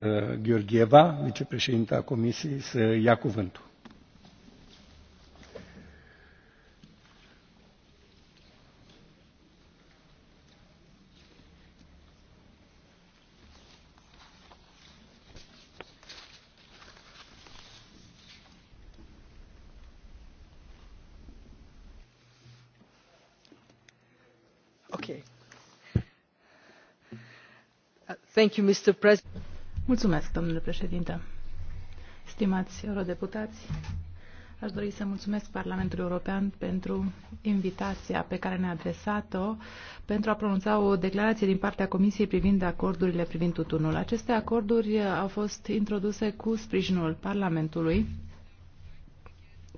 Uh, Gheorgheva, vicepreședinta Comisiei, să ia cuvântul. Okay. Uh, thank you, Mr. President. Mulțumesc, domnule președinte. Stimați eurodeputați, aș dori să mulțumesc Parlamentului European pentru invitația pe care ne-a adresat-o pentru a pronunța o declarație din partea Comisiei privind acordurile privind tutunul. Aceste acorduri au fost introduse cu sprijinul Parlamentului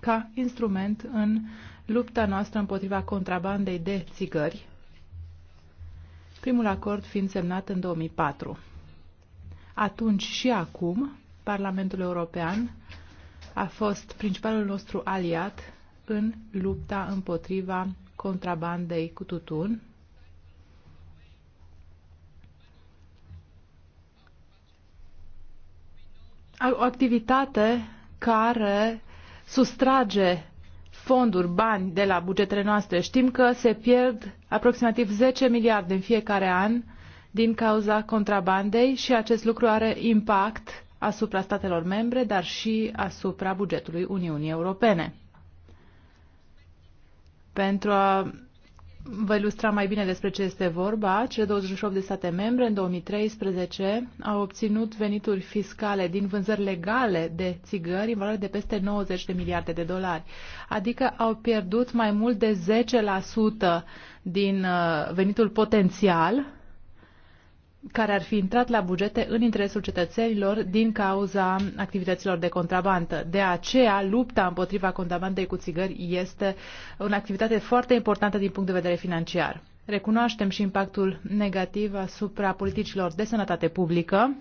ca instrument în lupta noastră împotriva contrabandei de țigări, primul acord fiind semnat în 2004. Atunci și acum, Parlamentul European a fost principalul nostru aliat în lupta împotriva contrabandei cu tutun. O activitate care sustrage fonduri, bani de la bugetele noastre. Știm că se pierd aproximativ 10 miliarde în fiecare an din cauza contrabandei și acest lucru are impact asupra statelor membre, dar și asupra bugetului Uniunii Europene. Pentru a vă ilustra mai bine despre ce este vorba, cele 28 de state membre în 2013 au obținut venituri fiscale din vânzări legale de țigări în valoare de peste 90 de miliarde de dolari, adică au pierdut mai mult de 10% din uh, venitul potențial care ar fi intrat la bugete în interesul cetățenilor din cauza activităților de contrabandă. De aceea, lupta împotriva contrabandei cu țigări este o activitate foarte importantă din punct de vedere financiar. Recunoaștem și impactul negativ asupra politicilor de sănătate publică,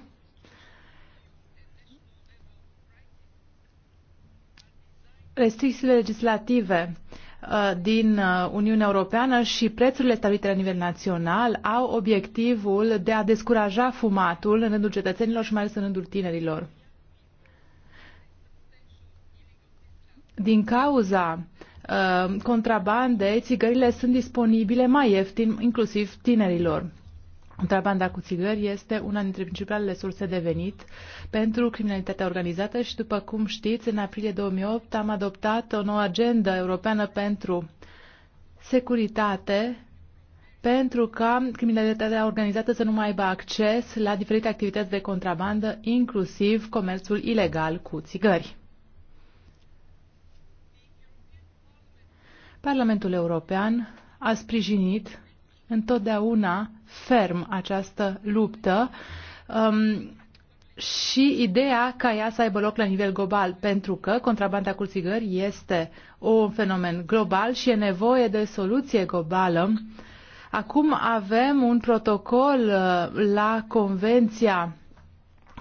restricțiile legislative Uh, din uh, Uniunea Europeană și prețurile stabilite la nivel național au obiectivul de a descuraja fumatul în rândul cetățenilor și mai ales în rândul tinerilor. Din cauza uh, contrabandei, țigările sunt disponibile mai ieftin, inclusiv tinerilor. Contrabanda cu țigări este una dintre principalele surse de venit pentru criminalitatea organizată și, după cum știți, în aprilie 2008 am adoptat o nouă agendă europeană pentru securitate pentru ca criminalitatea organizată să nu mai aibă acces la diferite activități de contrabandă, inclusiv comerțul ilegal cu țigări. Parlamentul European a sprijinit întotdeauna ferm această luptă um, și ideea ca ea să aibă loc la nivel global, pentru că contrabanda cu țigări este un fenomen global și e nevoie de soluție globală. Acum avem un protocol uh, la Convenția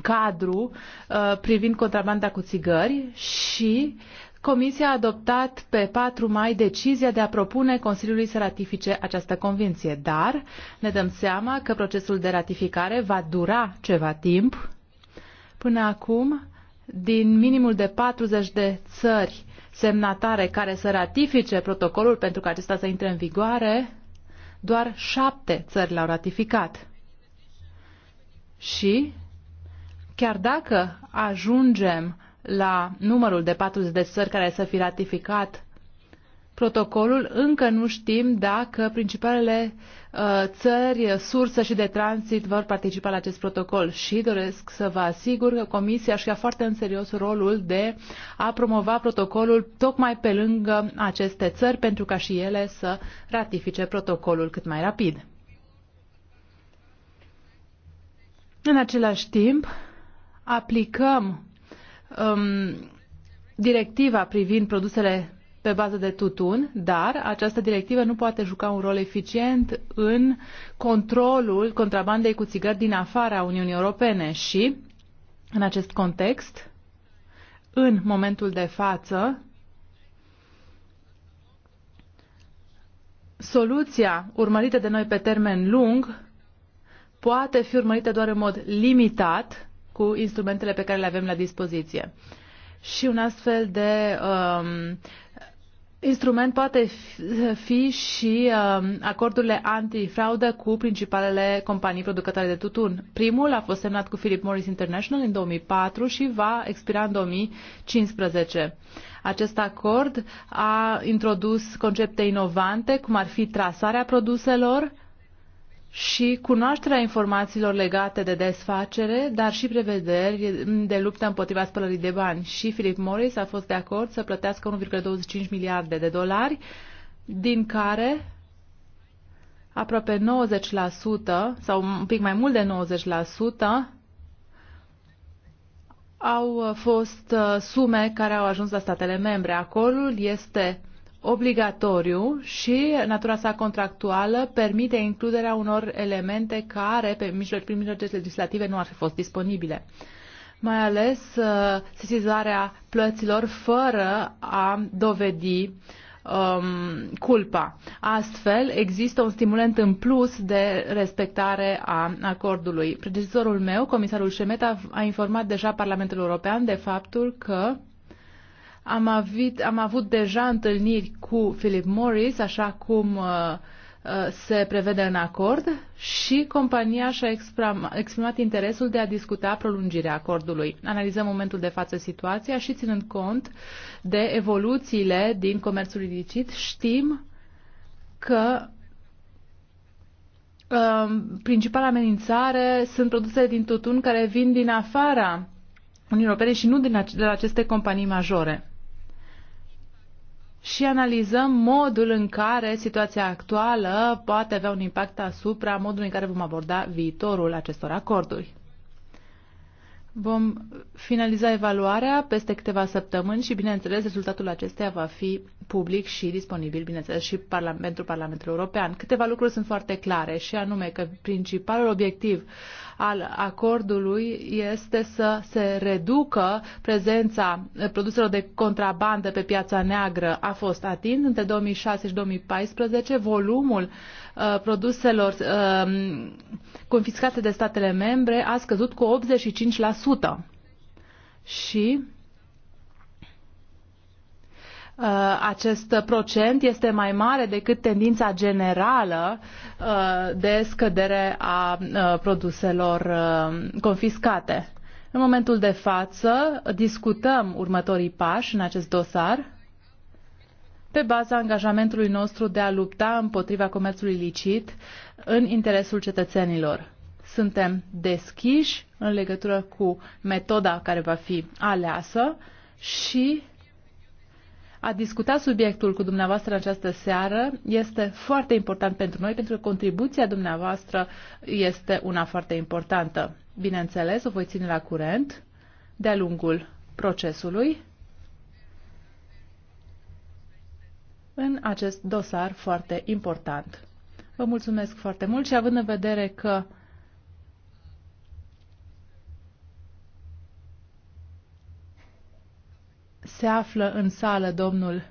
cadru uh, privind contrabanda cu țigări și Comisia a adoptat pe 4 mai decizia de a propune Consiliului să ratifice această convenție, dar ne dăm seama că procesul de ratificare va dura ceva timp. Până acum, din minimul de 40 de țări semnatare care să ratifice protocolul pentru ca acesta să intre în vigoare, doar șapte țări l-au ratificat. Și chiar dacă ajungem la numărul de 40 de țări care să fi ratificat protocolul, încă nu știm dacă principalele uh, țări, sursă și de tranzit vor participa la acest protocol și doresc să vă asigur că Comisia își ia foarte în serios rolul de a promova protocolul tocmai pe lângă aceste țări pentru ca și ele să ratifice protocolul cât mai rapid. În același timp, aplicăm um, directiva privind produsele pe bază de tutun, dar această directivă nu poate juca un rol eficient în controlul contrabandei cu țigări din afara Uniunii Europene și, în acest context, în momentul de față, soluția urmărită de noi pe termen lung poate fi urmărită doar în mod limitat cu instrumentele pe care le avem la dispoziție. Și un astfel de um, instrument poate fi și um, acordurile antifraudă cu principalele companii producătoare de tutun. Primul a fost semnat cu Philip Morris International în 2004 și va expira în 2015. Acest acord a introdus concepte inovante, cum ar fi trasarea produselor, și cunoașterea informațiilor legate de desfacere, dar și prevederi de luptă împotriva spălării de bani. Și Philip Morris a fost de acord să plătească 1,25 miliarde de dolari, din care aproape 90% sau un pic mai mult de 90% au fost uh, sume care au ajuns la statele membre. Acordul este obligatoriu și natura sa contractuală permite includerea unor elemente care pe mijloc, prin mijloace legislative nu ar fi fost disponibile mai ales uh, sesizarea plăților fără a dovedi um, culpa. Astfel, există un stimulent în plus de respectare a acordului. Predecesorul meu, comisarul Șemeta, a informat deja Parlamentul European de faptul că am avut, am avut deja întâlniri cu Philip Morris, așa cum uh, uh se prevede în acord și compania și-a exprimat interesul de a discuta prolungirea acordului. Analizăm momentul de față situația și ținând cont de evoluțiile din comerțul ilicit, știm că uh, principala amenințare sunt produsele din tutun care vin din afara Uniunii Europene și nu din ac- de la aceste companii majore și analizăm modul în care situația actuală poate avea un impact asupra modului în care vom aborda viitorul acestor acorduri. Vom finaliza evaluarea peste câteva săptămâni și, bineînțeles, rezultatul acesteia va fi public și disponibil, bineînțeles, și parlament, pentru Parlamentul European. Câteva lucruri sunt foarte clare și anume că principalul obiectiv al acordului este să se reducă prezența produselor de contrabandă pe piața neagră. A fost atins între 2006 și 2014 volumul uh, produselor uh, confiscate de statele membre a scăzut cu 85%. Și uh, acest procent este mai mare decât tendința generală uh, de scădere a uh, produselor confiscate. În momentul de față discutăm următorii pași în acest dosar pe baza angajamentului nostru de a lupta împotriva comerțului licit în interesul cetățenilor. Suntem deschiși în legătură cu metoda care va fi aleasă și a discuta subiectul cu dumneavoastră în această seară este foarte important pentru noi, pentru că contribuția dumneavoastră este una foarte importantă. Bineînțeles, o voi ține la curent de-a lungul procesului în acest dosar foarte important. Vă mulțumesc foarte mult și având în vedere că se află în sală domnul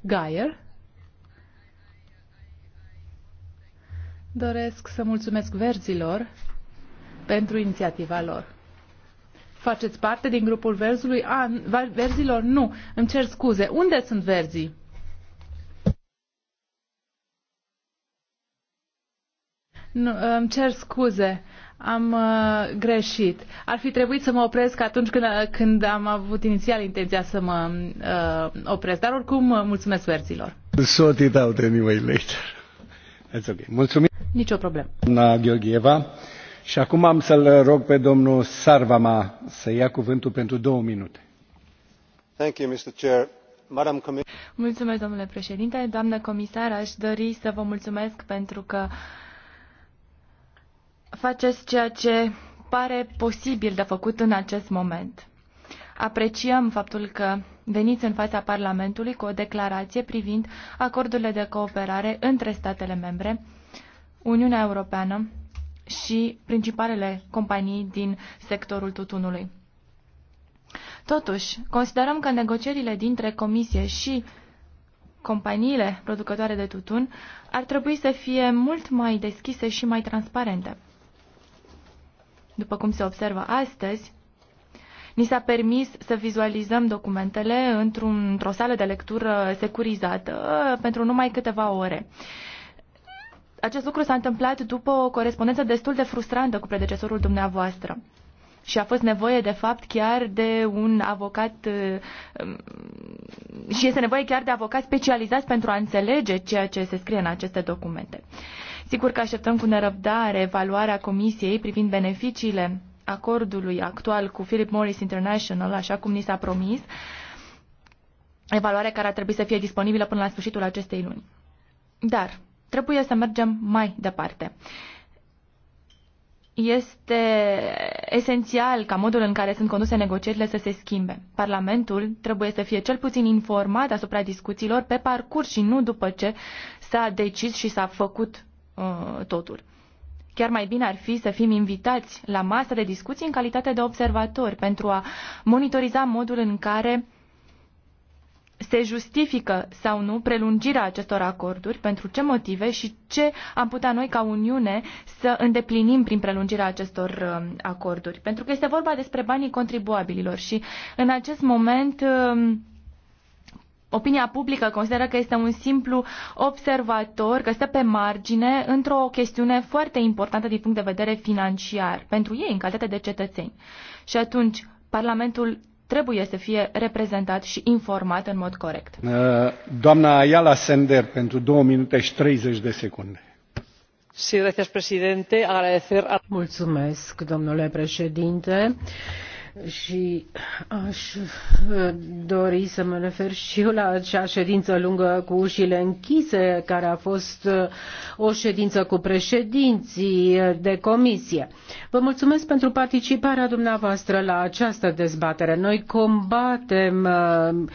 Gaier, doresc să mulțumesc verzilor pentru inițiativa lor. Faceți parte din grupul verzului? A, verzilor? Nu. Îmi cer scuze. Unde sunt verzii? Nu, îmi cer scuze. Am uh, greșit. Ar fi trebuit să mă opresc atunci când, uh, când am avut inițial intenția să mă uh, opresc. Dar oricum, uh, mulțumesc verzilor. Sort it out anyway later. That's okay. Mulțumim. Nicio problemă. Doamna Gheorgheva. Și acum am să-l rog pe domnul Sarvama să ia cuvântul pentru două minute. Thank you, Mr. Chair. Mulțumesc, domnule președinte. Doamnă comisar, aș dori să vă mulțumesc pentru că uh, faceți ceea ce pare posibil de făcut în acest moment. Apreciem faptul că veniți în fața Parlamentului cu o declarație privind acordurile de cooperare între statele membre, Uniunea Europeană și principalele companii din sectorul tutunului. Totuși, considerăm că negocierile dintre Comisie și companiile producătoare de tutun ar trebui să fie mult mai deschise și mai transparente. După cum se observă astăzi, ni s-a permis să vizualizăm documentele într într-o sală de lectură securizată pentru numai câteva ore. Acest lucru s-a întâmplat după o corespondență destul de frustrantă cu predecesorul dumneavoastră. Și a fost nevoie, de fapt, chiar de un avocat um, și este nevoie chiar de avocat specializat pentru a înțelege ceea ce se scrie în aceste documente. Sigur că așteptăm cu nerăbdare evaluarea Comisiei privind beneficiile acordului actual cu Philip Morris International, așa cum ni s-a promis, evaluare care ar trebui să fie disponibilă până la sfârșitul acestei luni. Dar trebuie să mergem mai departe. Este esențial ca modul în care sunt conduse negocierile să se schimbe. Parlamentul trebuie să fie cel puțin informat asupra discuțiilor pe parcurs și nu după ce s-a decis și s-a făcut Uh, totul. Chiar mai bine ar fi să fim invitați la masă de discuții în calitate de observatori pentru a monitoriza modul în care se justifică sau nu prelungirea acestor acorduri, pentru ce motive și ce am putea noi ca Uniune să îndeplinim prin prelungirea acestor uh, acorduri. Pentru că este vorba despre banii contribuabililor și în acest moment um, opinia publică consideră că este un simplu observator, că stă pe margine într-o chestiune foarte importantă din punct de vedere financiar pentru ei în calitate de cetățeni. Și atunci Parlamentul trebuie să fie reprezentat și informat în mod corect. Uh, doamna Ayala Sender, pentru 2 minute și 30 de secunde. Mulțumesc, domnule președinte și aș dori să mă refer și eu la acea ședință lungă cu ușile închise, care a fost uh, o ședință cu președinții de comisie. Vă mulțumesc pentru participarea dumneavoastră la această dezbatere. Noi combatem uh,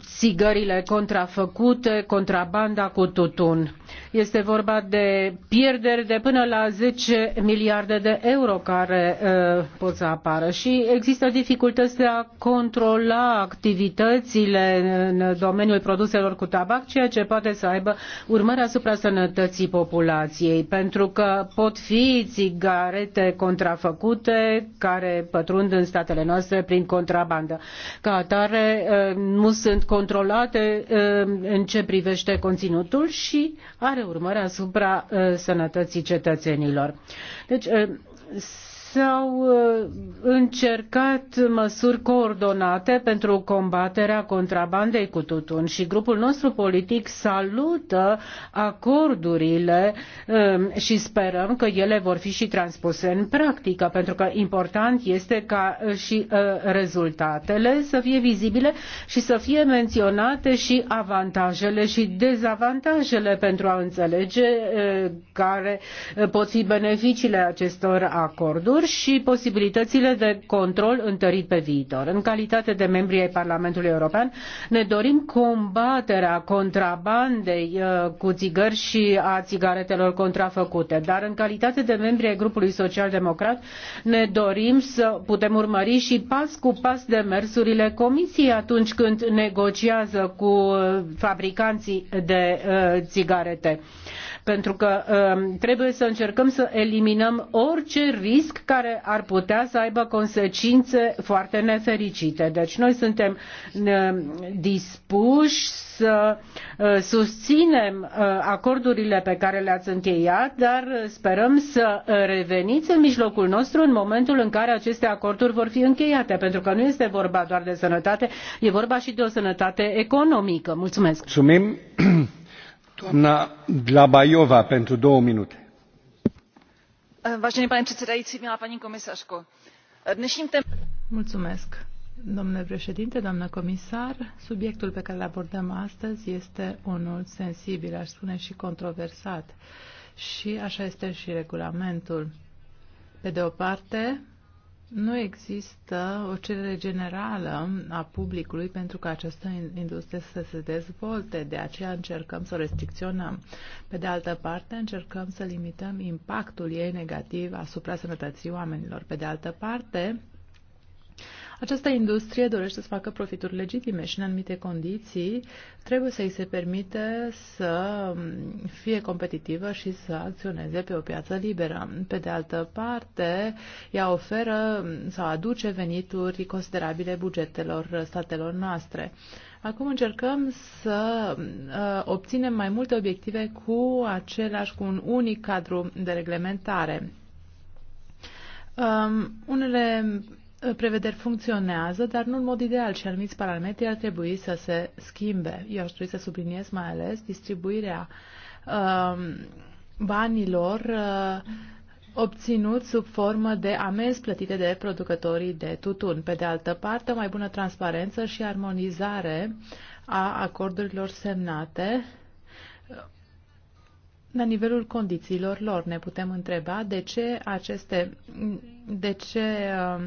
țigările contrafăcute, contrabanda cu tutun este vorba de pierderi de până la 10 miliarde de euro care uh, pot să apară și există dificultăți de a controla activitățile în domeniul produselor cu tabac, ceea ce poate să aibă urmări asupra sănătății populației, pentru că pot fi țigarete contrafăcute care pătrund în statele noastre prin contrabandă. Ca atare, uh, nu sunt controlate uh, în ce privește conținutul și are urmări asupra uh, sănătății cetățenilor. Deci, uh, s-au uh, încercat măsuri coordonate pentru combaterea contrabandei cu tutun și grupul nostru politic salută acordurile um, și sperăm că ele vor fi și transpuse în practică, pentru că important este ca uh, și uh, rezultatele să fie vizibile și să fie menționate și avantajele și dezavantajele pentru a înțelege care pot fi beneficiile acestor acorduri și posibilitățile de control întărit pe viitor. În calitate de membri ai Parlamentului European, ne dorim combaterea contrabandei uh, cu țigări și a țigaretelor contrafăcute, dar în calitate de membri ai grupului social-democrat ne dorim să putem urmări și pas cu pas demersurile Comisiei atunci când negociază cu uh, fabricanții de uh, țigarete pentru că um, trebuie să încercăm să eliminăm orice risc care ar putea să aibă consecințe foarte nefericite. Deci noi suntem um, dispuși să uh, susținem uh, acordurile pe care le-ați încheiat, dar sperăm să uh, reveniți în mijlocul nostru în momentul în care aceste acorduri vor fi încheiate, pentru că nu este vorba doar de sănătate, e vorba și de o sănătate economică. Mulțumesc! Mulțumim! pane předsedající milá paní komisařko dnešním tématem. domnule președinte doamnă comisar subiectul pe care îl abordăm astăzi este unul sensibil aș spune și controversat și așa este și regulamentul. pe de o parte nu există o cerere generală a publicului pentru ca această industrie să se dezvolte, de aceea încercăm să o restricționăm. Pe de altă parte, încercăm să limităm impactul ei negativ asupra sănătății oamenilor. Pe de altă parte, această industrie dorește să facă profituri legitime și în anumite condiții trebuie să îi se permite să fie competitivă și să acționeze pe o piață liberă. Pe de altă parte, ea oferă sau aduce venituri considerabile bugetelor statelor noastre. Acum încercăm să uh, obținem mai multe obiective cu același, cu un unic cadru de reglementare. Um, unele prevederi funcționează, dar nu în mod ideal și anumiți parametri ar trebui să se schimbe. Eu aș trebui să subliniez mai ales distribuirea uh, banilor uh, obținuți sub formă de amenzi plătite de producătorii de tutun. Pe de altă parte, o mai bună transparență și armonizare a acordurilor semnate uh, la nivelul condițiilor lor. Ne putem întreba de ce aceste, de ce uh,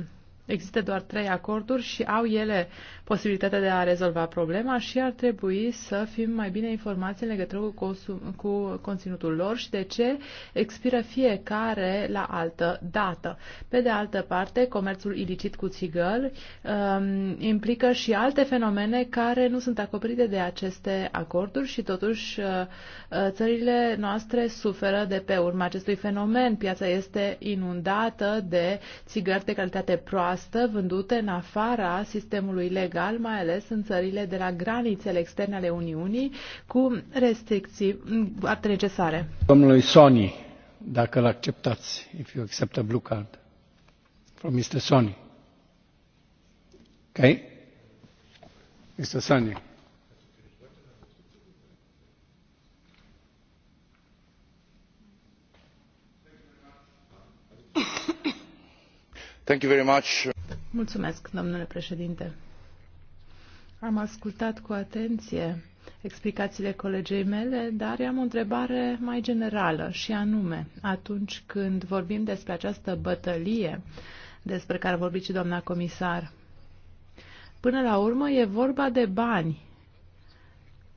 Există doar trei acorduri și au ele posibilitatea de a rezolva problema și ar trebui să fim mai bine informați în legătură cu, cu conținutul lor și de ce expiră fiecare la altă dată. Pe de altă parte, comerțul ilicit cu țigări um, implică și alte fenomene care nu sunt acoperite de aceste acorduri și totuși uh, uh, țările noastre suferă de pe urma acestui fenomen. Piața este inundată de țigări de calitate proastă vândute în afara sistemului legal ilegal, mai ales în țările de la granițele externe ale Uniunii, cu restricții foarte necesare. Domnului Sony, dacă îl acceptați, if you accept a blue card from Mr. Sony. Okay? Mr. Sony. Thank you very much. Mulțumesc, domnule președinte am ascultat cu atenție explicațiile colegei mele, dar am o întrebare mai generală și anume, atunci când vorbim despre această bătălie despre care a vorbit și doamna comisar, până la urmă e vorba de bani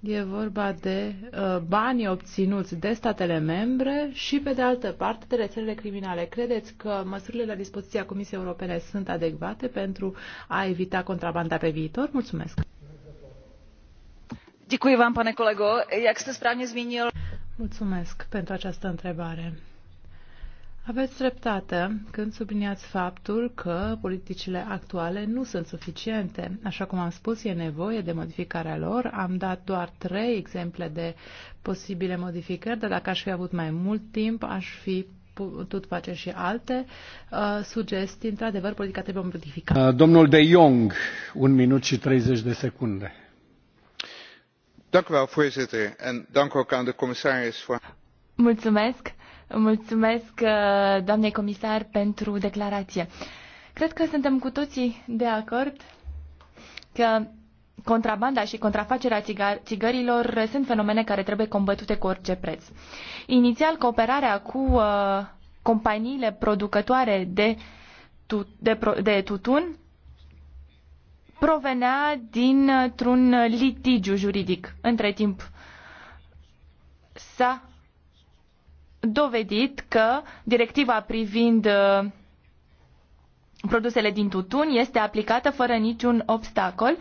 E vorba de uh, banii obținuți de statele membre și, pe de altă parte, de rețelele criminale. Credeți că măsurile la dispoziția Comisiei Europene sunt adecvate pentru a evita contrabanda pe viitor? Mulțumesc! Děkuji vám, pane kolego. Jak jste správně zmínil... Mulțumesc pentru această întrebare. Aveți dreptate când subliniați faptul că politicile actuale nu sunt suficiente. Așa cum am spus, e nevoie de modificarea lor. Am dat doar trei exemple de posibile modificări, dar dacă aș fi avut mai mult timp, aș fi putut face și alte uh, sugestii. Într-adevăr, politica trebuie modificată. Uh, domnul De Jong, un minut și 30 de secunde. Mulțumesc. Mulțumesc, uh, doamne comisar, pentru declarație. Cred că suntem cu toții de acord că contrabanda și contrafacerea țigărilor sunt fenomene care trebuie combătute cu orice preț. Inițial, cooperarea cu uh, companiile producătoare de, tu, de, de tutun provenea dintr-un litigiu juridic. Între timp s-a dovedit că directiva privind uh, produsele din tutun este aplicată fără niciun obstacol.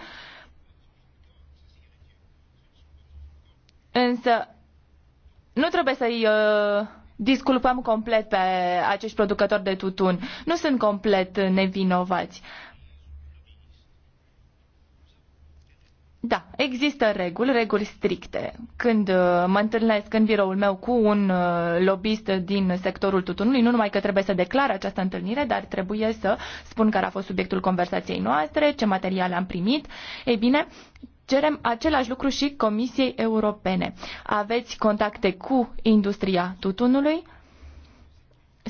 Însă nu trebuie să-i uh, disculpăm complet pe acești producători de tutun. Nu sunt complet nevinovați. Uh, Da, există reguli, reguli stricte. Când uh, mă întâlnesc în biroul meu cu un uh, lobbyist din sectorul tutunului, nu numai că trebuie să declar această întâlnire, dar trebuie să spun care a fost subiectul conversației noastre, ce materiale am primit. Ei bine, cerem același lucru și Comisiei Europene. Aveți contacte cu industria tutunului?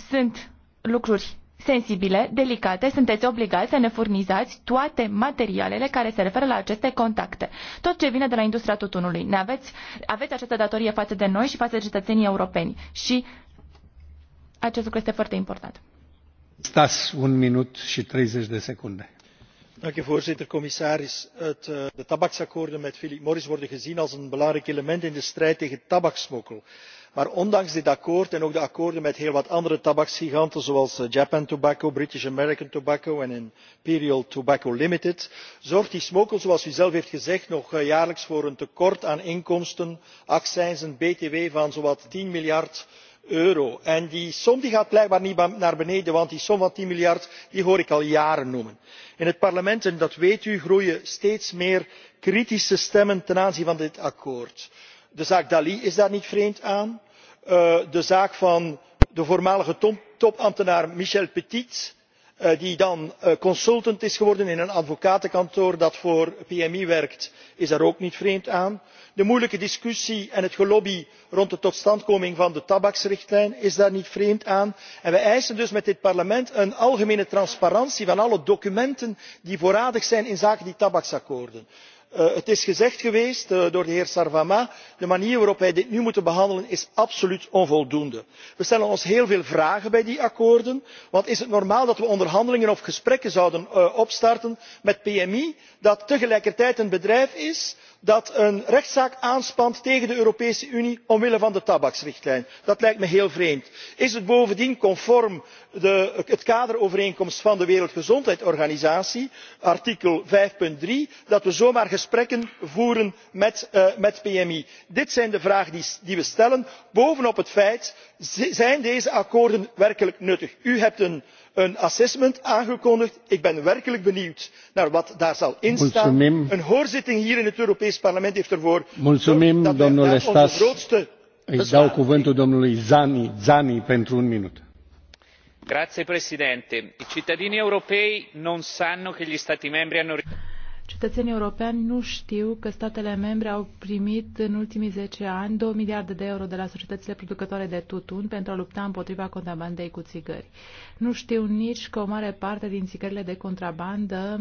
Sunt lucruri sensibile, delicate, sunteți obligați să ne furnizați toate materialele care se referă la aceste contacte. Tot ce vine de la industria tutunului. Ne aveți, aveți această datorie față de noi și față de cetățenii europeni. Și acest lucru este foarte important. Stați un minut și 30 de secunde. Dank u voorzitter, commissaris. Het, uh, de tabaksakkoorden met Philip Morris worden gezien als een belangrijk element in de strijd tegen tabaksmokkel maar ondanks dit akkoord en ook de akkoorden met heel wat andere tabaksgiganten zoals eh, japan tobacco british american tobacco en imperial tobacco limited zorgt die smokkel zoals u zelf heeft gezegd nog eh, jaarlijks voor een tekort aan inkomsten accijns en btw van zowat tien miljard euro. en die som gaat blijkbaar niet naar beneden want die som van tien miljard hoor ik al jaren noemen. in het parlement en dat weet u groeien steeds meer kritische stemmen ten aanzien van dit akkoord de zaak dalli is daar niet vreemd aan eh, de zaak van de voormalige topambtenaar michel petite eh, die dan eh, consultant is geworden in een advocatenkantoor dat voor pmi werkt is daar ook niet vreemd aan de moeilijke discussie en het gelobby rond de totstandkoming van de tabaksrichtlijn is daar niet vreemd aan. en wij eisen dus met dit parlement een algemene transparantie van alle documenten die voorradig zijn inzake die tabaksakkoorden. Eh, het is gezegd geweest eh, door de heer sarvamaa de manier waarop wij dit nu moeten behandelen is absoluut onvoldoende. we stellen ons heel veel vragen bij die akkoorden want is het normaal dat we onderhandelingen of gesprekken zouden eh, opstarten met pmi dat tegelijkertijd een bedrijf is dat een rechtszaak aanspant tegen de europese unie omwille van de tabaksrichtlijn. dat lijkt me heel vreemd. is het bovendien conform de kaderovereenkomst van de wereldgezondheidsorganisatie artikel vijf punt drie dat we zomaar gesprekken voeren met eh, pmi? dit zijn de vragen die we stellen bovenop het feit zijn deze akkoorden werkelijk nuttig u hebt een assessment aangekondigd. ik ben werkelijk benieuwd naar wat daar zal staan. een hoorzitting hier in het europees parlement heeft ervoor gezorgd dat wij daar onze grootste bezwaren signor presidente i cittadini europei non sanno che gli stati membri hanno. Cetățenii europeni nu știu că statele membre au primit în ultimii 10 ani 2 miliarde de euro de la societățile producătoare de tutun pentru a lupta împotriva contrabandei cu țigări. Nu știu nici că o mare parte din țigările de contrabandă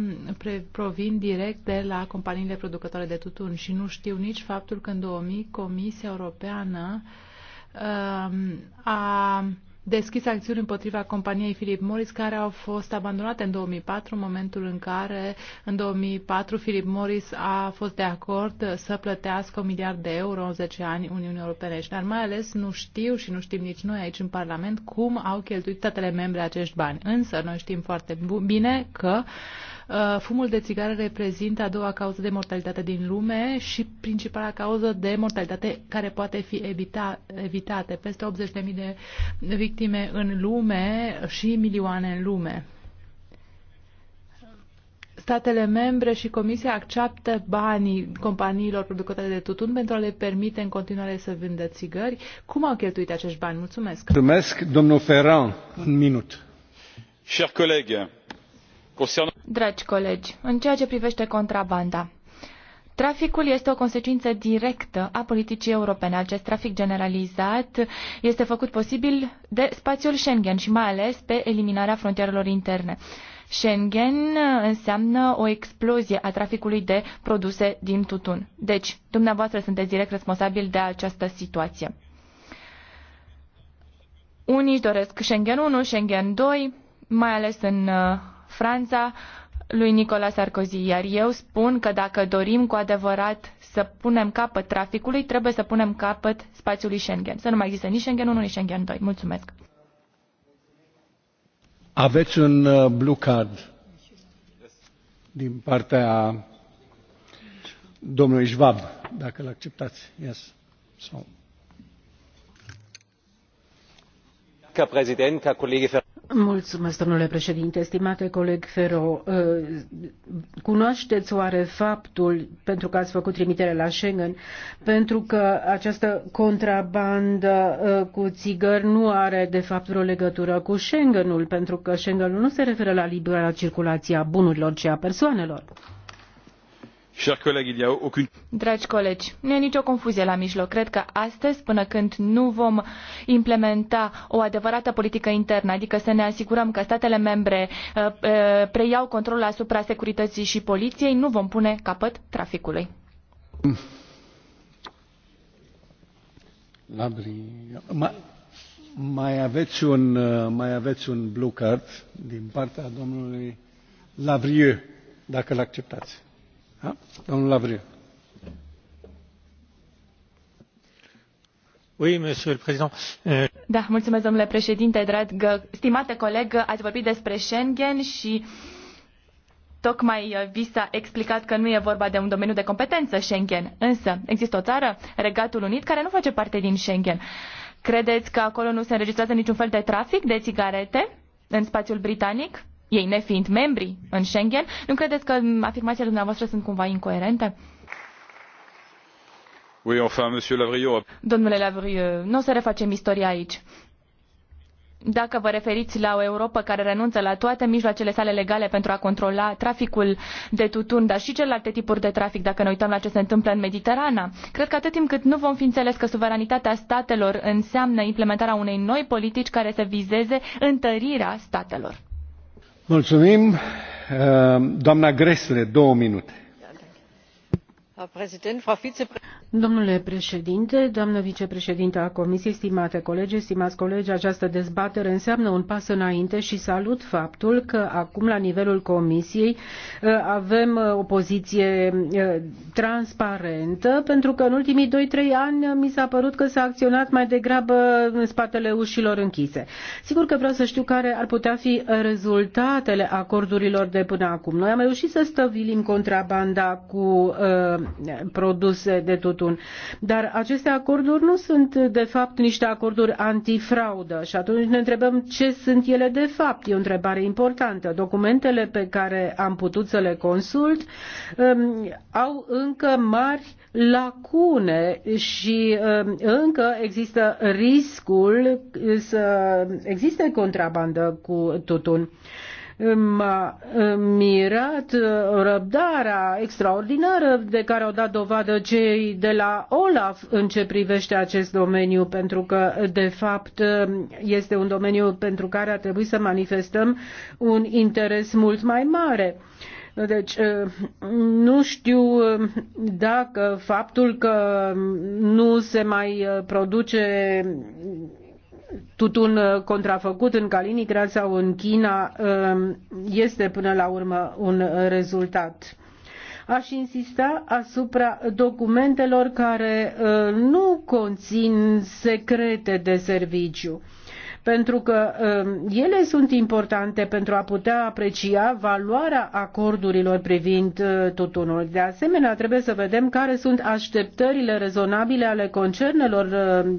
provin direct de la companiile producătoare de tutun și nu știu nici faptul că în 2000 Comisia Europeană uh, a deschis acțiuni împotriva companiei Philip Morris, care au fost abandonate în 2004, în momentul în care, în 2004, Philip Morris a fost de acord să plătească un miliard de euro în 10 ani Uniunii Europene. Dar mai ales nu știu și nu știm nici noi aici în Parlament cum au cheltuit statele membre acești bani. Însă noi știm foarte bine că uh, Uh, fumul de țigară reprezintă a doua cauză de mortalitate din lume și principala cauză de mortalitate care poate fi evita, evitate. Peste 80.000 de victime în lume și milioane în lume statele membre și Comisia acceptă banii companiilor producătoare de tutun pentru a le permite în continuare să vândă țigări. Cum au cheltuit acești bani? Mulțumesc. Mulțumesc, domnul Ferran. Un minut. Chers collègues, Dragi colegi, în ceea ce privește contrabanda, Traficul este o consecință directă a politicii europene. Acest trafic generalizat este făcut posibil de spațiul Schengen și mai ales pe eliminarea frontierelor interne. Schengen înseamnă o explozie a traficului de produse din tutun. Deci, dumneavoastră sunteți direct responsabil de această situație. Unii își doresc Schengen 1, Schengen 2, mai ales în uh, Franța lui Nicolas Sarkozy, iar eu spun că dacă dorim cu adevărat să punem capăt traficului, trebuie să punem capăt spațiului Schengen. Să nu mai există nici Schengen 1, nici Schengen 2. Mulțumesc. Aveți un uh, blue card din partea domnului Schwab, dacă l acceptați. Yes. So. Mulțumesc, domnule președinte stimate coleg ferro uh, cunoașteți oare faptul pentru că ați făcut trimitere la schengen pentru că această contrabandă uh, cu țigări nu are de fapt vreo legătură cu schengenul pentru că schengenul nu se referă la libera circulație a bunurilor ci a persoanelor? Dragi colegi, nu e nicio confuzie la mijloc. Cred că astăzi, până când nu vom implementa o adevărată politică internă, adică să ne asigurăm că statele membre uh, uh, preiau controlul asupra securității și poliției, nu vom pune capăt traficului. Mai, mai, aveți un, uh, mai aveți un blue card din partea domnului Lavrieux, dacă l-acceptați. Euh, da, mulțumesc, domnule președinte, dragă, stimată colegă, ați vorbit despre Schengen și Tocmai vi s-a explicat că nu e vorba de un domeniu de competență Schengen, însă există o țară, Regatul Unit, care nu face parte din Schengen. Credeți că acolo nu se înregistrează niciun fel de trafic de țigarete în spațiul britanic? ei nefiind membri în Schengen, nu credeți că afirmațiile dumneavoastră sunt cumva incoerente? Oui, enfin, monsieur Lavrieux. Domnule Lavrieux, nu o să refacem istoria aici. Dacă vă referiți la o Europa care renunță la toate mijloacele sale legale pentru a controla traficul de tutun, dar și celelalte tipuri de trafic, dacă ne uităm la ce se întâmplă în Mediterana, cred că atât timp cât nu vom fi înțeles că suveranitatea statelor înseamnă implementarea unei noi politici care să vizeze întărirea statelor. Mulțumim. Ehm, grle două minute domnule președinte doamnă vicepreședintă a comisiei stimate colege stimați colegi această dezbatere înseamnă un pas înainte și salut faptul că acum la nivelul comisiei uh, avem uh, o poziție uh, transparentă pentru că în ultimii doi trei ani mi s a părut că s a acționat mai degrabă în spatele ușilor închise. sigur că vreau să știu care ar putea fi rezultatele acordurilor de până acum. noi am reușit să stăvilim contrabanda cu produse de tutun. Dar aceste acorduri nu sunt de fapt niște acorduri antifraudă și atunci ne întrebăm ce sunt ele de fapt. E o întrebare importantă. Documentele pe care am putut să le consult um, au încă mari lacune și um, încă există riscul să existe contrabandă cu tutun m-a mirat uh, răbdarea extraordinară de care au dat dovadă cei de la Olaf în ce privește acest domeniu, pentru că, de fapt, uh, este un domeniu pentru care ar trebui să manifestăm un interes mult mai mare. Deci, uh, nu știu dacă faptul că nu se mai produce tutun uh, contrafăcut în Kaliningrad sau în China um, este până la urmă un uh, rezultat. Aș insista asupra documentelor care uh, nu conțin secrete de serviciu pentru că um, ele sunt importante pentru a putea aprecia valoarea acordurilor privind uh, tutunul. De asemenea, trebuie să vedem care sunt așteptările rezonabile ale concernelor uh,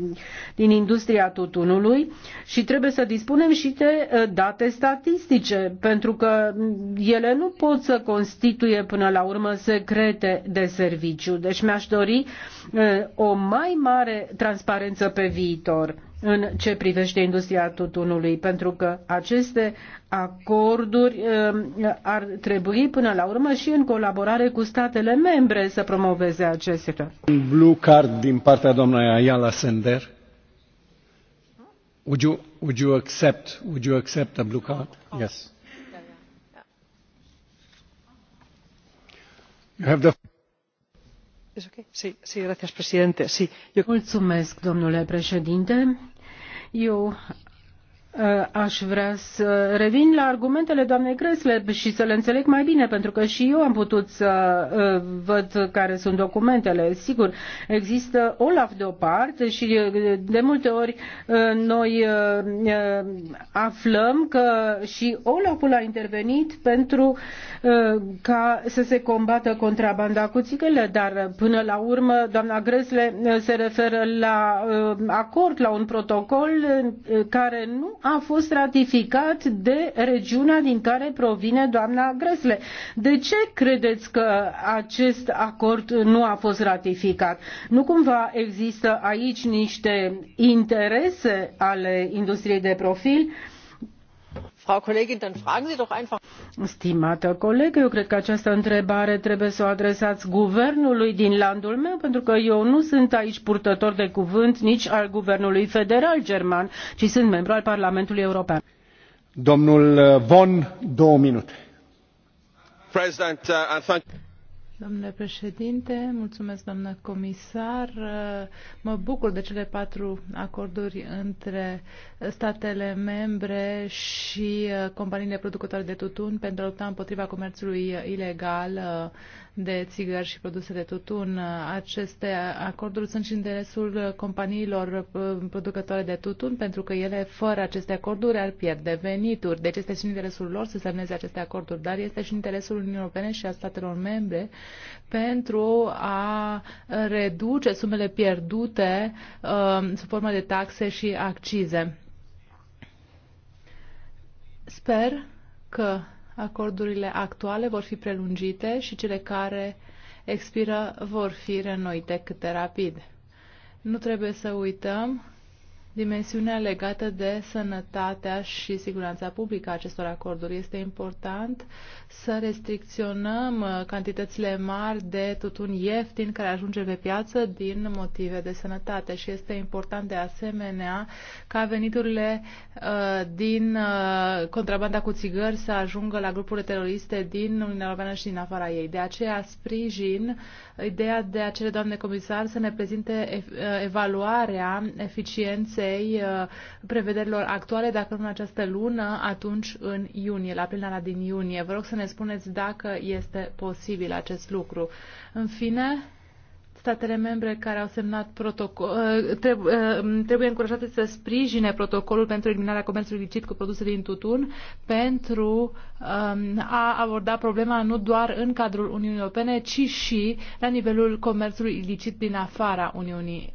din industria tutunului și trebuie să dispunem și de uh, date statistice, pentru că mm, ele nu pot să constituie până la urmă secrete de serviciu. Deci mi-aș dori o mai mare transparență pe viitor în ce privește industria tutunului, pentru că aceste acorduri um, ar trebui până la urmă și în colaborare cu statele membre să promoveze acest Un blue card din partea doamnei Ayala Sender. Would you, would you accept, would you accept a blue card? Yes. You have the Mulțumesc, domnule președinte eu Eh, aș vrea să revin la argumentele doamnei Gresle și să le înțeleg mai bine, pentru că și eu am putut să eh, văd care sunt documentele. Sigur, există Olaf de o parte și eh, de multe ori noi aflăm că și Olaful a intervenit pentru ca să se combată contrabanda cu țigările, dar până la urmă doamna Gresle se referă la acord, la un protocol care nu a fost ratificat de regiunea din care provine doamna Gresle. De ce credeți că acest acord nu a fost ratificat? Nu cumva există aici niște interese ale industriei de profil? Stimată colegă, eu cred că această întrebare trebuie să o adresați guvernului din landul meu, pentru că eu nu sunt aici purtător de cuvânt nici al guvernului federal german, ci sunt membru al Parlamentului European. Domnul uh, Von, două minute. President, uh, Domnule președinte, mulțumesc, doamnă comisar. Mă bucur de cele patru acorduri între statele membre și companiile producătoare de tutun pentru a lupta împotriva comerțului ilegal de țigări și produse de tutun. Aceste acorduri sunt și interesul companiilor uh, producătoare de tutun, pentru că ele, fără aceste acorduri, ar pierde venituri. Deci este și interesul lor să semneze aceste acorduri, dar este și interesul Uniunii Europene și a statelor membre pentru a reduce sumele pierdute uh, sub formă de taxe și accize. Sper că acordurile actuale vor fi prelungite și cele care expiră vor fi reînnoite cât de rapid. Nu trebuie să uităm Dimensiunea legată de sănătatea și siguranța publică a acestor acorduri. Este important să restricționăm uh, cantitățile mari de tutun ieftin care ajunge pe piață din motive de sănătate și este important de asemenea ca veniturile uh, din uh, contrabanda cu țigări să ajungă la grupurile teroriste din Uniunea Europeană și din afara ei. De aceea sprijin ideea de acele doamne comisar, să ne prezinte evaluarea eficienței independenței uh, prevederilor actuale, dacă nu în această lună, atunci în iunie, la plenara din iunie. Vă rog să ne spuneți dacă este posibil acest lucru. În fine, statele membre care au semnat protocol, uh, uh, trebuie încurajate să sprijine protocolul pentru eliminarea comerțului licit cu produse din tutun pentru um, a aborda problema nu doar în cadrul Uniunii Europene, ci și la nivelul comerțului ilicit din afara Uniunii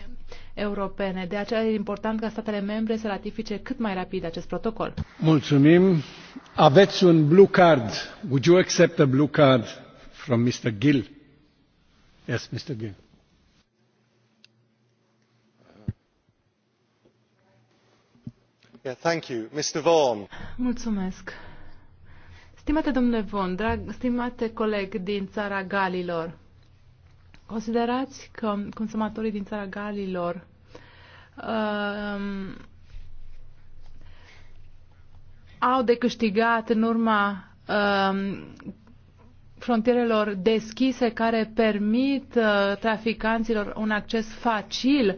europene. De aceea e important ca statele membre să ratifice cât mai rapid acest protocol. Mulțumim. Aveți un blue card. Would you accept a blue card from Mr. Gill? Yes, Mr. Gill. Yeah, thank you. Mr. Vaughan. Mulțumesc. Stimate domnule Von, drag, stimate coleg din țara Galilor, Considerați că consumatorii din țara Galilor uh, au de câștigat în urma uh, frontierelor deschise care permit uh, traficanților un acces facil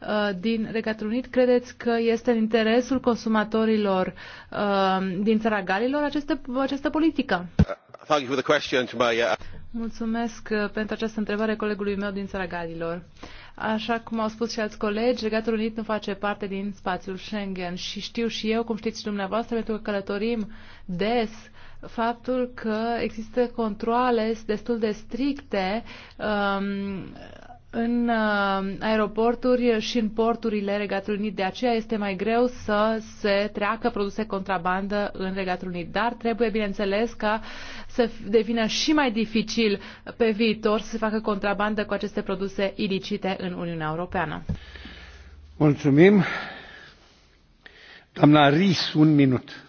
uh, din Regatul Unit, credeți că este în interesul consumatorilor uh, din țara Galilor această, această politică? Mulțumesc uh, pentru această întrebare colegului meu din țara Galilor. Așa cum au spus și alți colegi, Regatul Unit nu face parte din spațiul Schengen și știu și eu, cum știți și dumneavoastră, pentru că călătorim des faptul că există controle destul de stricte um, în uh, aeroporturi și în porturile Regatului Unit. De aceea este mai greu să se treacă produse contrabandă în Regatul Unit. Dar trebuie, bineînțeles, ca să devină și mai dificil pe viitor să se facă contrabandă cu aceste produse ilicite în Uniunea Europeană. Mulțumim. Doamna Ris, un minut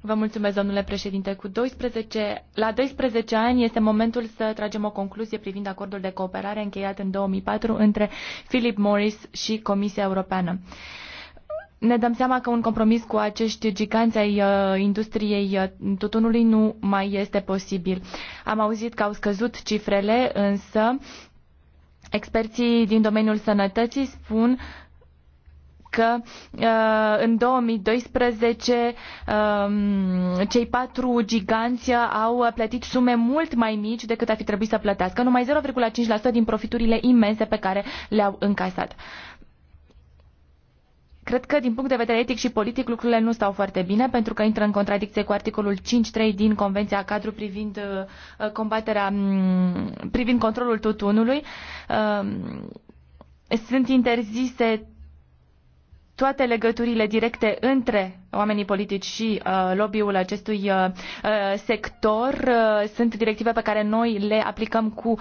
Vă mulțumesc, domnule președinte. Cu 12, la 12 ani este momentul să tragem o concluzie privind acordul de cooperare încheiat în 2004 între Philip Morris și Comisia Europeană. Ne dăm seama că un compromis cu acești giganți ai uh, industriei uh, tutunului nu mai este posibil. Am auzit că au scăzut cifrele, însă experții din domeniul sănătății spun că uh, în 2012 um, cei patru giganți au plătit sume mult mai mici decât ar fi trebuit să plătească, numai 0,5% din profiturile imense pe care le-au încasat. Cred că din punct de vedere etic și politic lucrurile nu stau foarte bine pentru că intră în contradicție cu articolul 5.3 din Convenția Cadru privind uh, combaterea mm, privind controlul tutunului. Um, sunt interzise toate legăturile directe între oamenii politici și uh, lobby-ul acestui uh, uh, sector uh, sunt directive pe care noi le aplicăm cu uh,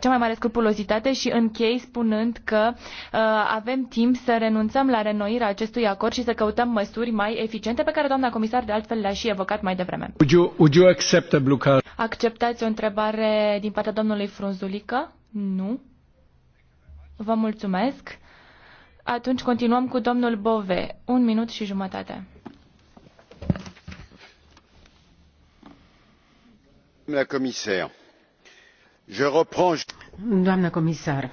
cea mai mare scrupulozitate și închei spunând că uh, avem timp să renunțăm la renoirea acestui acord și să căutăm măsuri mai eficiente pe care doamna comisar de altfel le-a și evocat mai devreme. Would you, would you accept a blue card? Acceptați o întrebare din partea domnului Frunzulică? Nu. Vă mulțumesc. Atunci continuăm cu domnul Bove. Un minut și jumătate. Doamna comisar, Doamnă comisar,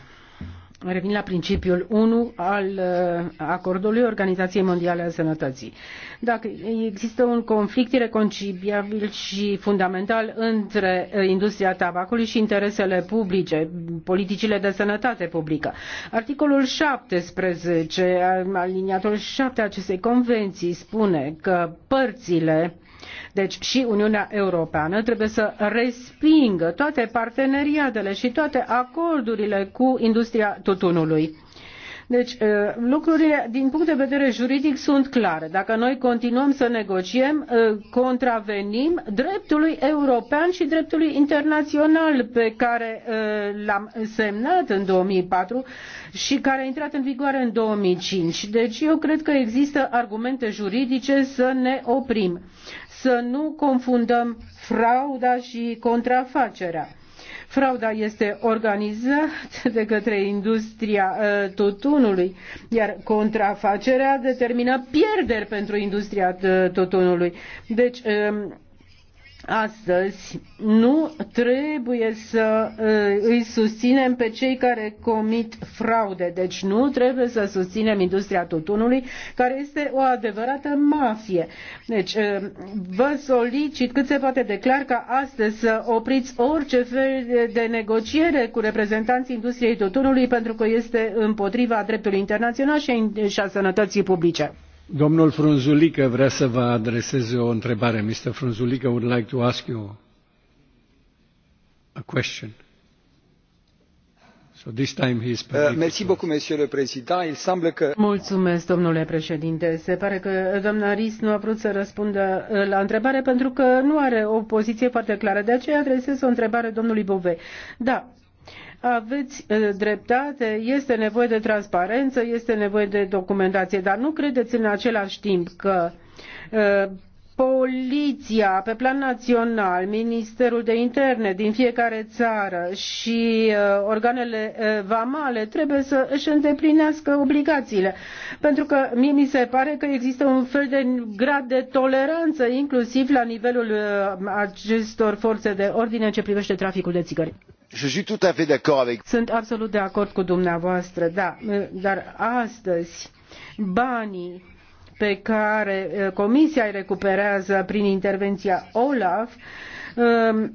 revin la principiul 1 al uh, acordului Organizației Mondiale a Sănătății. Dacă există un conflict irreconciliabil și fundamental între uh, industria tabacului și interesele publice, politicile de sănătate publică. Articolul 17, aliniatul 7 acestei convenții spune că părțile deci și Uniunea Europeană trebuie să respingă toate parteneriatele și toate acordurile cu industria tutunului. Deci uh, lucrurile din punct de vedere juridic sunt clare. Dacă noi continuăm să negociem, uh, contravenim dreptului european și dreptului internațional pe care uh, l-am semnat în 2004 și care a intrat în vigoare în 2005. Deci eu cred că există argumente juridice să ne oprim să nu confundăm frauda și contrafacerea. Frauda este organizată de către industria uh, tutunului, iar contrafacerea determină pierderi pentru industria uh, tutunului. Deci um, astăzi nu trebuie să uh, îi susținem pe cei care comit fraude. Deci nu trebuie să susținem industria tutunului, care este o adevărată mafie. Deci uh, vă solicit cât se poate declar ca astăzi să opriți orice fel de negociere cu reprezentanții industriei tutunului, pentru că este împotriva dreptului internațional și a sănătății publice. Domnul Frunzulică vrea să vă adreseze o întrebare. Mr. Frunzulică would like to ask you a question. So this time he is uh, Mersi beaucoup, monsieur le président. Il semble că... Mulțumesc, domnule președinte. Se pare că doamna Ris nu a vrut să răspundă uh, la întrebare pentru că nu are o poziție foarte clară. De aceea adresez o întrebare domnului Bove. Da, aveți uh, dreptate, este nevoie de transparență, este nevoie de documentație, dar nu credeți în același timp că uh, poliția pe plan național, Ministerul de Interne din fiecare țară și uh, organele uh, vamale trebuie să își îndeplinească obligațiile. Pentru că mie mi se pare că există un fel de grad de toleranță, inclusiv la nivelul uh, acestor forțe de ordine în ce privește traficul de țigări. Sunt absolut de acord cu dumneavoastră, da, dar astăzi banii pe care eh, Comisia îi recuperează prin intervenția OLAF, ehm,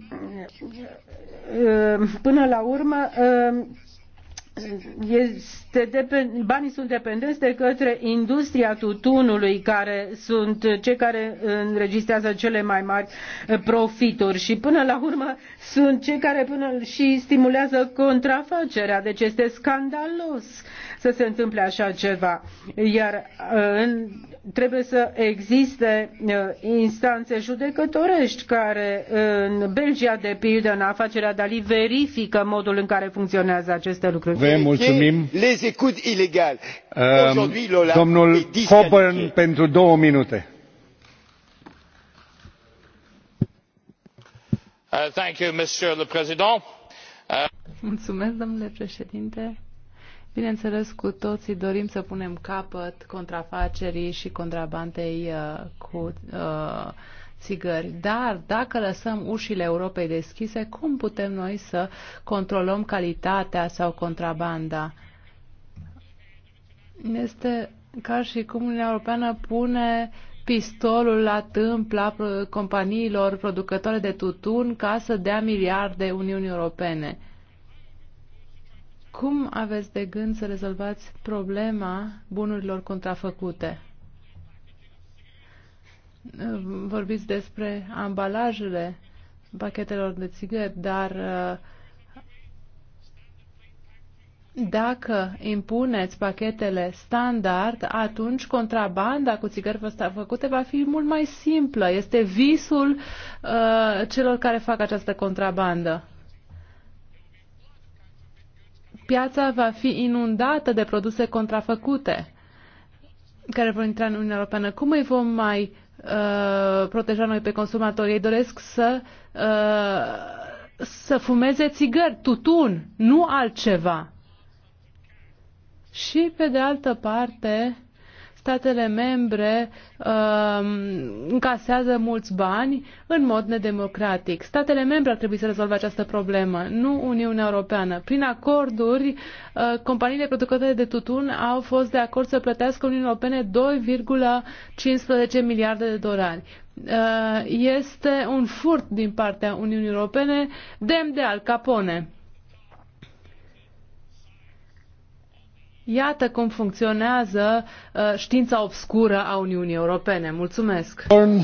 ehm, până la urmă ehm, este banii sunt dependenți de către industria tutunului, care sunt cei care înregistrează cele mai mari eh, profituri și până la urmă sunt cei care până și stimulează contrafacerea. Deci este scandalos să se întâmple așa ceva. Iar uh, trebuie să existe uh, instanțe judecătorești care uh, în Belgia, de pildă, în afacerea Dali, verifică modul în care funcționează aceste lucruri. Vă mulțumim. Les écoutes illégales. Um, domnul Coburn pentru două minute. Uh, you, uh... Mulțumesc, domnule președinte Bineînțeles, cu toții dorim să punem capăt contrafacerii și contrabandei uh, cu uh, țigări. Dar dacă lăsăm ușile Europei deschise, cum putem noi să controlăm calitatea sau contrabanda? Este ca și cum Uniunea Europeană pune pistolul la la companiilor producătoare de tutun ca să dea miliarde Uniunii Europene. Cum aveți de gând să rezolvați problema bunurilor contrafăcute? Vorbiți despre ambalajele pachetelor de țigări, dar uh, dacă impuneți pachetele standard, atunci contrabanda cu țigări făcute va fi mult mai simplă. Este visul uh, celor care fac această contrabandă piața va fi inundată de produse contrafăcute care vor intra în Uniunea Europeană. Cum îi vom mai uh, proteja noi pe consumatori? Ei doresc să, uh, să fumeze țigări, tutun, nu altceva. Și pe de altă parte, statele membre uh, încasează mulți bani în mod nedemocratic. Statele membre ar trebui să rezolve această problemă, nu Uniunea Europeană. Prin acorduri, uh, companiile producătoare de tutun au fost de acord să plătească Uniunii Europene 2,15 miliarde de dolari. Uh, este un furt din partea Uniunii Europene demn de Al Capone. Iată cum funcționează uh, știința obscură a Uniunii Europene. Mulțumesc! Born.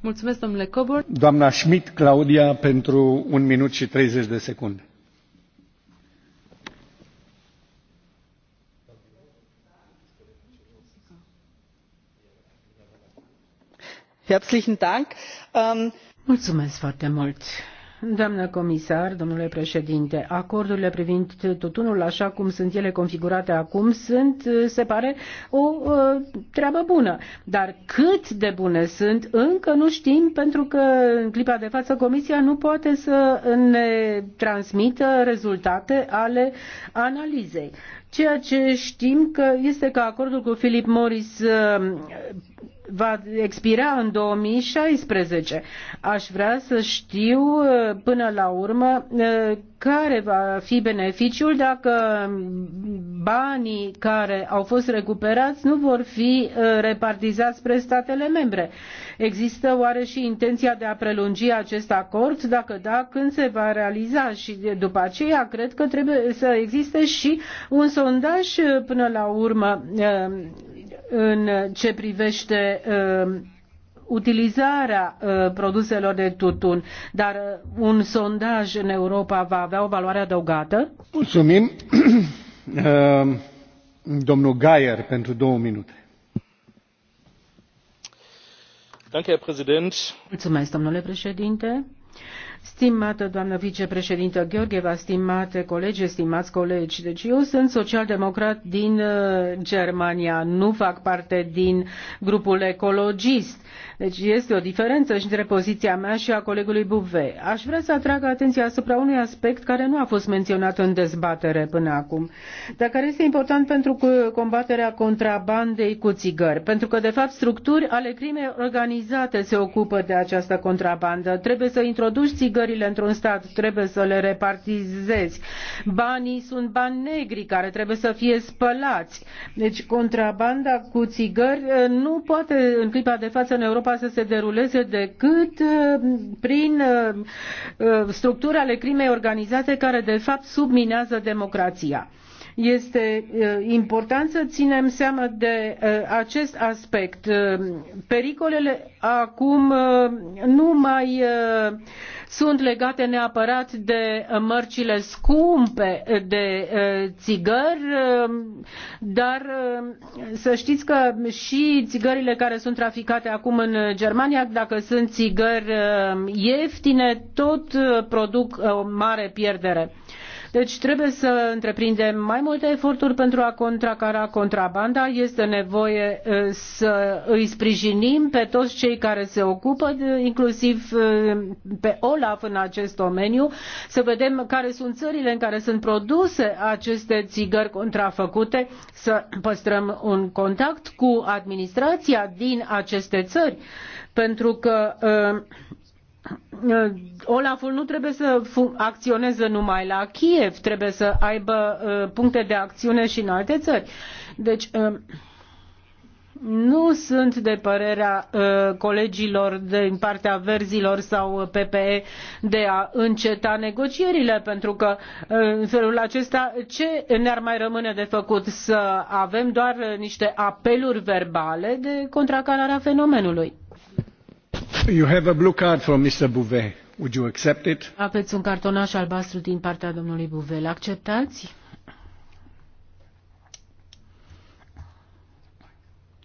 Mulțumesc, domnule Coburn. Doamna Schmidt, Claudia, pentru un minut și 30 de secunde. Herzlichen Dank. Um, Mulțumesc foarte mult. Doamnă comisar, domnule președinte, acordurile privind tutunul așa cum sunt ele configurate acum sunt, se pare, o treabă bună. Dar cât de bune sunt, încă nu știm, pentru că în clipa de față Comisia nu poate să ne transmită rezultate ale analizei. Ceea ce știm că este că acordul cu Philip Morris va expira în 2016. Aș vrea să știu uh, până la urmă uh, care va fi beneficiul dacă banii care au fost recuperați nu vor fi uh, repartizați spre statele membre. Există oare și intenția de a prelungi acest acord? Dacă da, când se va realiza? Și după aceea cred că trebuie să existe și un sondaj până la urmă în ce privește uh, utilizarea uh, produselor de tutun, dar uh, un sondaj în Europa va avea o valoare adăugată? Mulțumim. Domnul Gaier, pentru două minute. Mulțumesc, domnule președinte Stimată doamnă vicepreședintă Gheorgheva, stimate colegi, stimați colegi, deci eu sunt socialdemocrat din uh, Germania, nu fac parte din grupul ecologist deci este o diferență și între poziția mea și a colegului Buve. Aș vrea să atrag atenția asupra unui aspect care nu a fost menționat în dezbatere până acum, dar care este important pentru combaterea contrabandei cu țigări, pentru că de fapt structuri ale crimei organizate se ocupă de această contrabandă. Trebuie să introduci țigările într-un stat, trebuie să le repartizezi. Banii sunt bani negri care trebuie să fie spălați. Deci contrabanda cu țigări eh, nu poate în clipa de față în Europa Europa să se deruleze decât uh, prin uh, uh, structuri ale crimei organizate care de fapt subminează democrația este important să ținem seama de acest aspect. Pericolele acum nu mai sunt legate neapărat de mărcile scumpe de țigări, dar să știți că și țigările care sunt traficate acum în Germania, dacă sunt țigări ieftine, tot produc o mare pierdere. Deci trebuie să întreprindem mai multe eforturi pentru a contracara contrabanda. Este nevoie uh, să îi sprijinim pe toți cei care se ocupă, inclusiv uh, pe OLAF în acest domeniu, să vedem care sunt țările în care sunt produse aceste țigări contrafăcute, să păstrăm un contact cu administrația din aceste țări, pentru că uh, Uh, Olaful nu trebuie să acționeze numai la Kiev, trebuie să aibă uh, puncte de acțiune și în alte țări. Deci, uh, nu sunt de părerea colegilor din partea verzilor sau PPE de a înceta negocierile, pentru că în felul acesta ce ne-ar mai rămâne de făcut? Să avem doar niște apeluri verbale de contracararea fenomenului. You have a blue card Mr. Bouvet. Would you accept it? Aveți un cartonaș albastru din partea domnului Bouvet. acceptați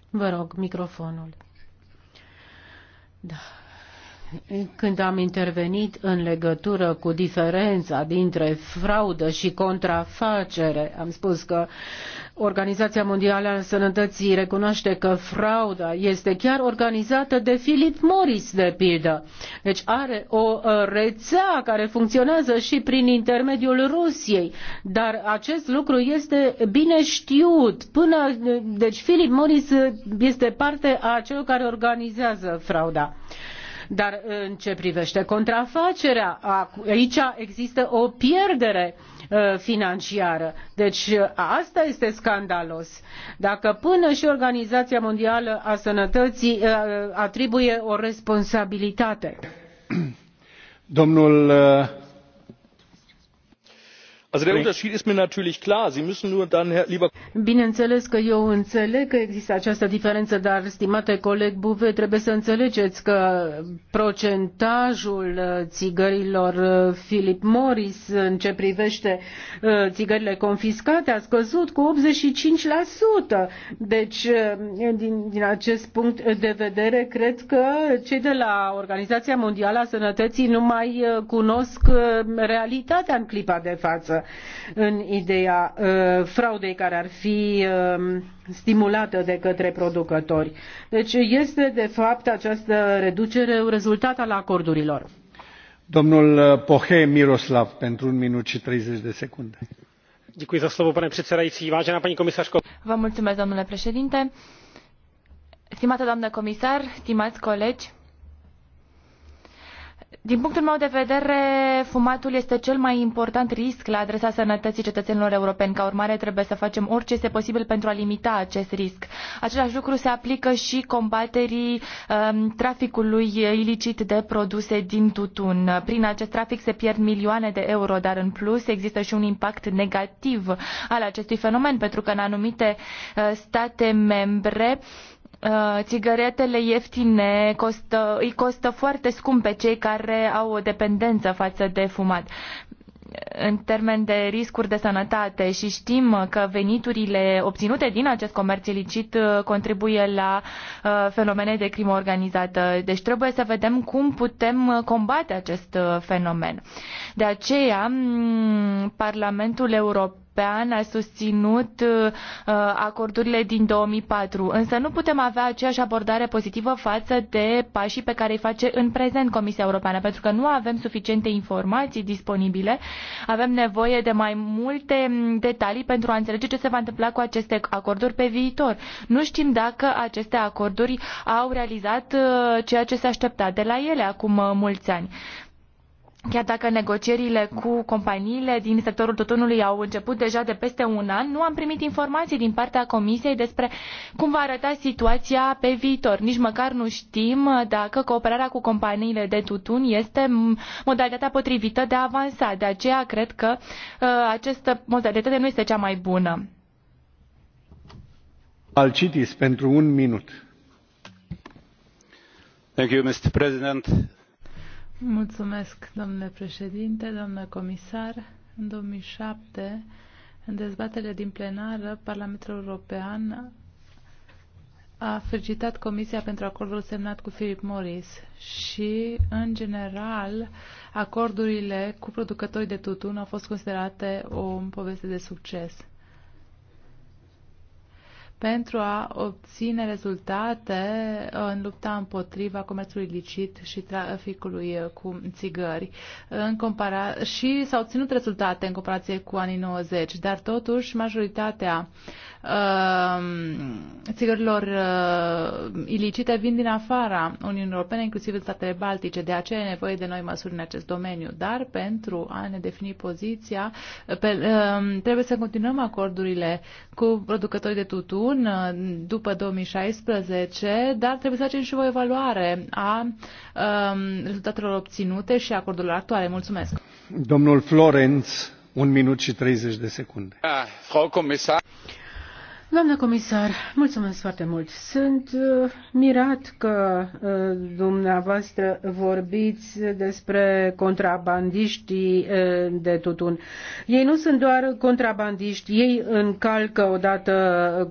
Vă rog, microfonul. Da când am intervenit în legătură cu diferența dintre fraudă și contrafacere, am spus că Organizația Mondială a Sănătății recunoaște că frauda este chiar organizată de Philip Morris, de pildă. Deci are o uh, rețea care funcționează și prin intermediul Rusiei, dar acest lucru este bine știut. Până, deci Philip Morris este parte a celor care organizează frauda. Dar uh, în ce privește contrafacerea, aici există o pierdere uh, financiară. Deci uh, asta este scandalos. Dacă până și Organizația Mondială a Sănătății atribuie o responsabilitate. Domnul bineînțeles că eu înțeleg că există această diferență dar stimate coleg bové trebuie să înțelegeți că procentajul uh, țigărilor uh, philip morris în ce privește uh, țigările confiscate a scăzut cu 85%. Deci, din, din acest punct de vedere, cred că cei de la Organizația Mondială a Sănătății nu mai cunosc realitatea în clipa de față în ideea uh, fraudei care ar fi um, stimulată de către producători. Deci este de fapt această reducere un rezultat al acordurilor. Domnul uh, Pohe Miroslav, pentru un minut și 30 de secunde. Vă mulțumesc, domnule președinte. Stimată doamnă comisar, stimați colegi, din punctul meu de vedere, fumatul este cel mai important risc la adresa sănătății cetățenilor europeni. Ca urmare, trebuie să facem orice este posibil pentru a limita acest risc. Același lucru se aplică și combaterii um, traficului ilicit de produse din tutun. Prin acest trafic se pierd milioane de euro, dar în plus există și un impact negativ al acestui fenomen, pentru că în anumite uh, state membre uh, Uh, țigaretele ieftine costă, îi costă foarte scump pe cei care au o dependență față de fumat în termen de riscuri de sănătate și știm că veniturile obținute din acest comerț ilicit uh, contribuie la uh, fenomene de crimă organizată. Deci trebuie să vedem cum putem combate acest fenomen. De aceea, mm, Parlamentul European European a susținut uh, acordurile din 2004, însă nu putem avea aceeași abordare pozitivă față de pașii pe care îi face în prezent Comisia Europeană, pentru că nu avem suficiente informații disponibile, avem nevoie de mai multe mm, detalii pentru a înțelege ce se va întâmpla cu aceste acorduri pe viitor. Nu știm dacă aceste acorduri au realizat uh, ceea ce se aștepta de la ele acum uh, mulți ani. Chiar dacă negocierile cu companiile din sectorul tutunului au început deja de peste un an, nu am primit informații din partea Comisiei despre cum va arăta situația pe viitor. Nici măcar nu știm dacă cooperarea cu companiile de tutun este modalitatea potrivită de a avansa. De aceea cred că uh, această modalitate nu este cea mai bună. Alcitis, pentru un minut. Thank you, Mr. President Mulțumesc, domnule președinte, domnule comisar. În 2007, în dezbaterea din plenară, Parlamentul European a felicitat Comisia pentru acordul semnat cu Philip Morris și, în general, acordurile cu producătorii de tutun au fost considerate o poveste de succes pentru a obține rezultate în lupta împotriva comerțului licit și traficului cu țigări. În compara- și s-au obținut rezultate în comparație cu anii 90, dar totuși majoritatea Um, țigărilor uh, ilicite vin din afara Uniunii Europene, inclusiv în statele baltice. De aceea e nevoie de noi măsuri în acest domeniu. Dar pentru a ne defini poziția, pe, uh, trebuie să continuăm acordurile cu producătorii de tutun uh, după 2016, dar trebuie să facem și o evaluare a uh, rezultatelor obținute și acordurilor actuale. Mulțumesc. Domnul Florenț, un minut și 30 de secunde. Ah, Frau Comisar. Doamnă comisar, mulțumesc foarte mult. Sunt uh, mirat că uh, dumneavoastră vorbiți despre contrabandiștii uh, de tutun. Ei nu sunt doar contrabandiști, ei încalcă odată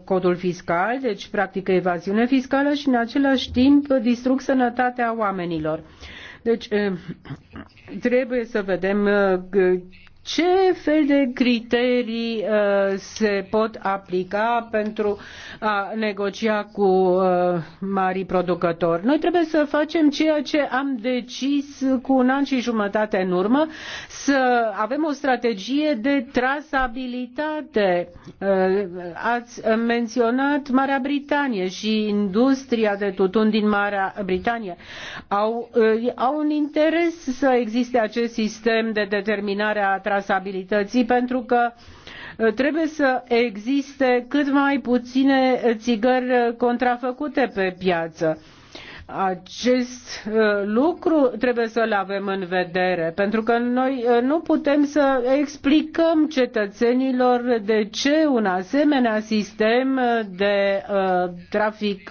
codul fiscal, deci practică evaziune fiscală și în același timp distrug sănătatea oamenilor. Deci trebuie să vedem ce fel de criterii uh, se pot aplica pentru a negocia cu uh, mari producători. Noi trebuie să facem ceea ce am decis cu un an și jumătate în urmă, să avem o strategie de trasabilitate. Uh, ați menționat Marea Britanie și industria de tutun din Marea Britanie. Au, uh, au un interes să existe acest sistem de determinare a trasabilității pentru că uh, trebuie să existe cât mai puține uh, țigări uh, contrafăcute pe piață acest uh, lucru trebuie să-l avem în vedere, pentru că noi uh, nu putem să explicăm cetățenilor de ce un asemenea sistem uh, de trafic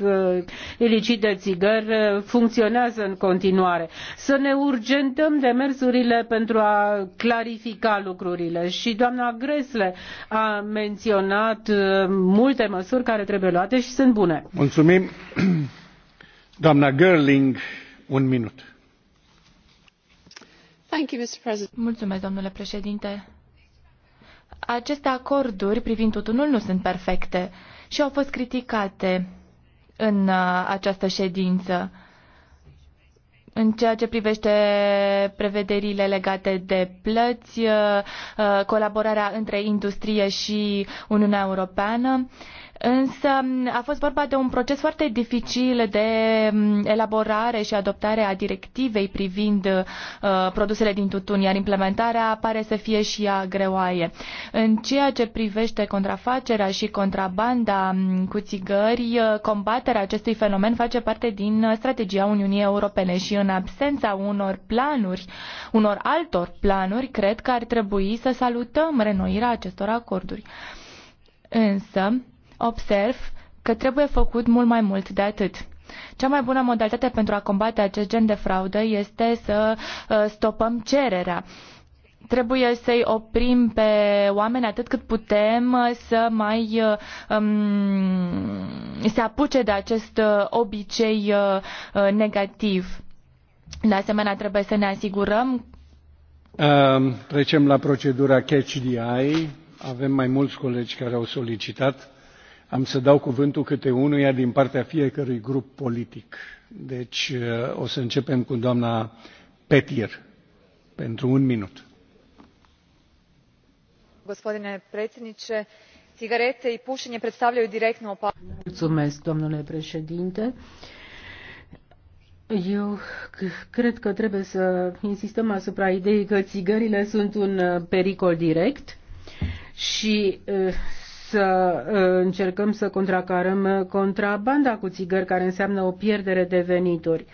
ilicit de țigări funcționează în continuare. Să ne urgentăm demersurile pentru a clarifica lucrurile și doamna Gresle a menționat multe măsuri care trebuie luate și sunt bune. Mulțumim doamna Gerling, un minut. Mulțumesc, domnule președinte. Aceste acorduri privind tutunul nu sunt perfecte și au fost criticate în uh, această ședință. În ceea ce privește prevederile legate de plăți, uh, uh, colaborarea între industrie și Uniunea Europeană, Însă a fost vorba de un proces foarte dificil de mm, elaborare și adoptare a directivei privind uh, produsele din tutun, iar implementarea pare să fie și ea greoaie. În ceea ce privește contrafacerea și contrabanda mm, cu țigări, uh, combaterea acestui fenomen face parte din uh, strategia Uniunii Europene și în absența unor planuri, unor altor planuri, cred că ar trebui să salutăm renoirea acestor acorduri. Însă, observ că trebuie făcut mult mai mult de atât. Cea mai bună modalitate pentru a combate acest gen de fraudă este să uh, stopăm cererea trebuie să-i oprim pe oameni atât cât putem uh, să mai uh, um, se apuce de acest obicei uh, negativ. De asemenea, trebuie să ne asigurăm. Uh, trecem la procedura catch the eye. Avem mai mulți colegi care au solicitat. Am să dau cuvântul câte unuia din partea fiecărui grup politic. Deci uh, o să începem cu doamna Petir pentru un minut. Gospodine predsjedniče, cigarete i pušenje predstavljaju direktnu opasnost. Mulțumesc, domnule președinte. Eu cred că trebuie să insistăm asupra ideii că țigările sunt un uh, pericol direct și uh, să uh, încercăm să contracarăm uh, contrabanda cu țigări, care înseamnă o pierdere de venituri.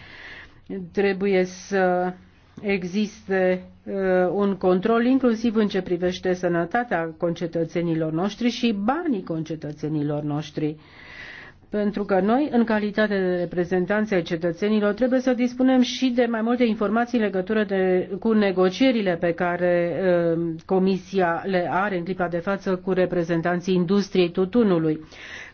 Trebuie să existe uh, un control inclusiv în ce privește sănătatea concetățenilor noștri și banii concetățenilor noștri pentru că noi, în calitate de reprezentanți ai cetățenilor, trebuie să dispunem și de mai multe informații în legătură de, cu negocierile pe care uh, Comisia le are în clipa de față cu reprezentanții industriei tutunului.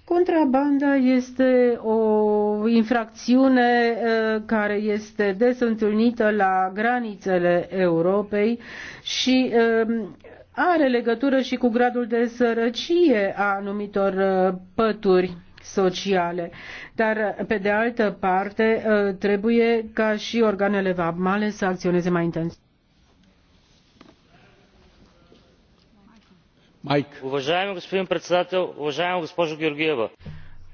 Contrabanda este o infracțiune uh, care este des întâlnită la granițele Europei și uh, are legătură și cu gradul de sărăcie a anumitor uh, pături sociale. Dar, pe de altă parte, uh, trebuie ca și organele vamale să acționeze mai intens. Mike.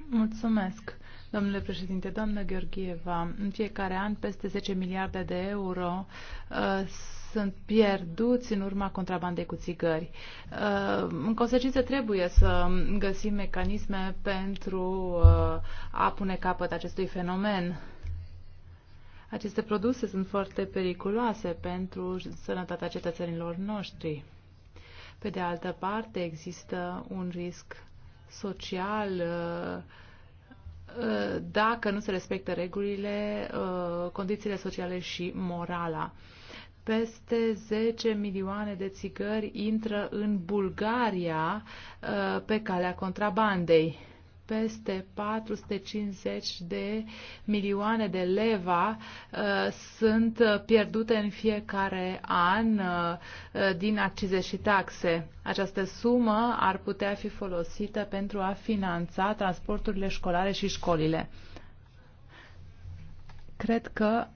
Mulțumesc. Domnule președinte, doamnă Gheorgheva, în fiecare an peste 10 miliarde de euro uh, sunt pierduți în urma contrabandei cu țigări. Uh, în consecință trebuie să găsim mecanisme pentru uh, a pune capăt acestui fenomen. Aceste produse sunt foarte periculoase pentru sănătatea cetățenilor noștri. Pe de altă parte, există un risc social uh, dacă nu se respectă regulile, condițiile sociale și morala peste 10 milioane de țigări intră în Bulgaria uh, pe calea contrabandei. Peste 450 de milioane de leva uh, sunt pierdute în fiecare an uh, din accize și taxe. Această sumă ar putea fi folosită pentru a finanța transporturile școlare și școlile. Cred că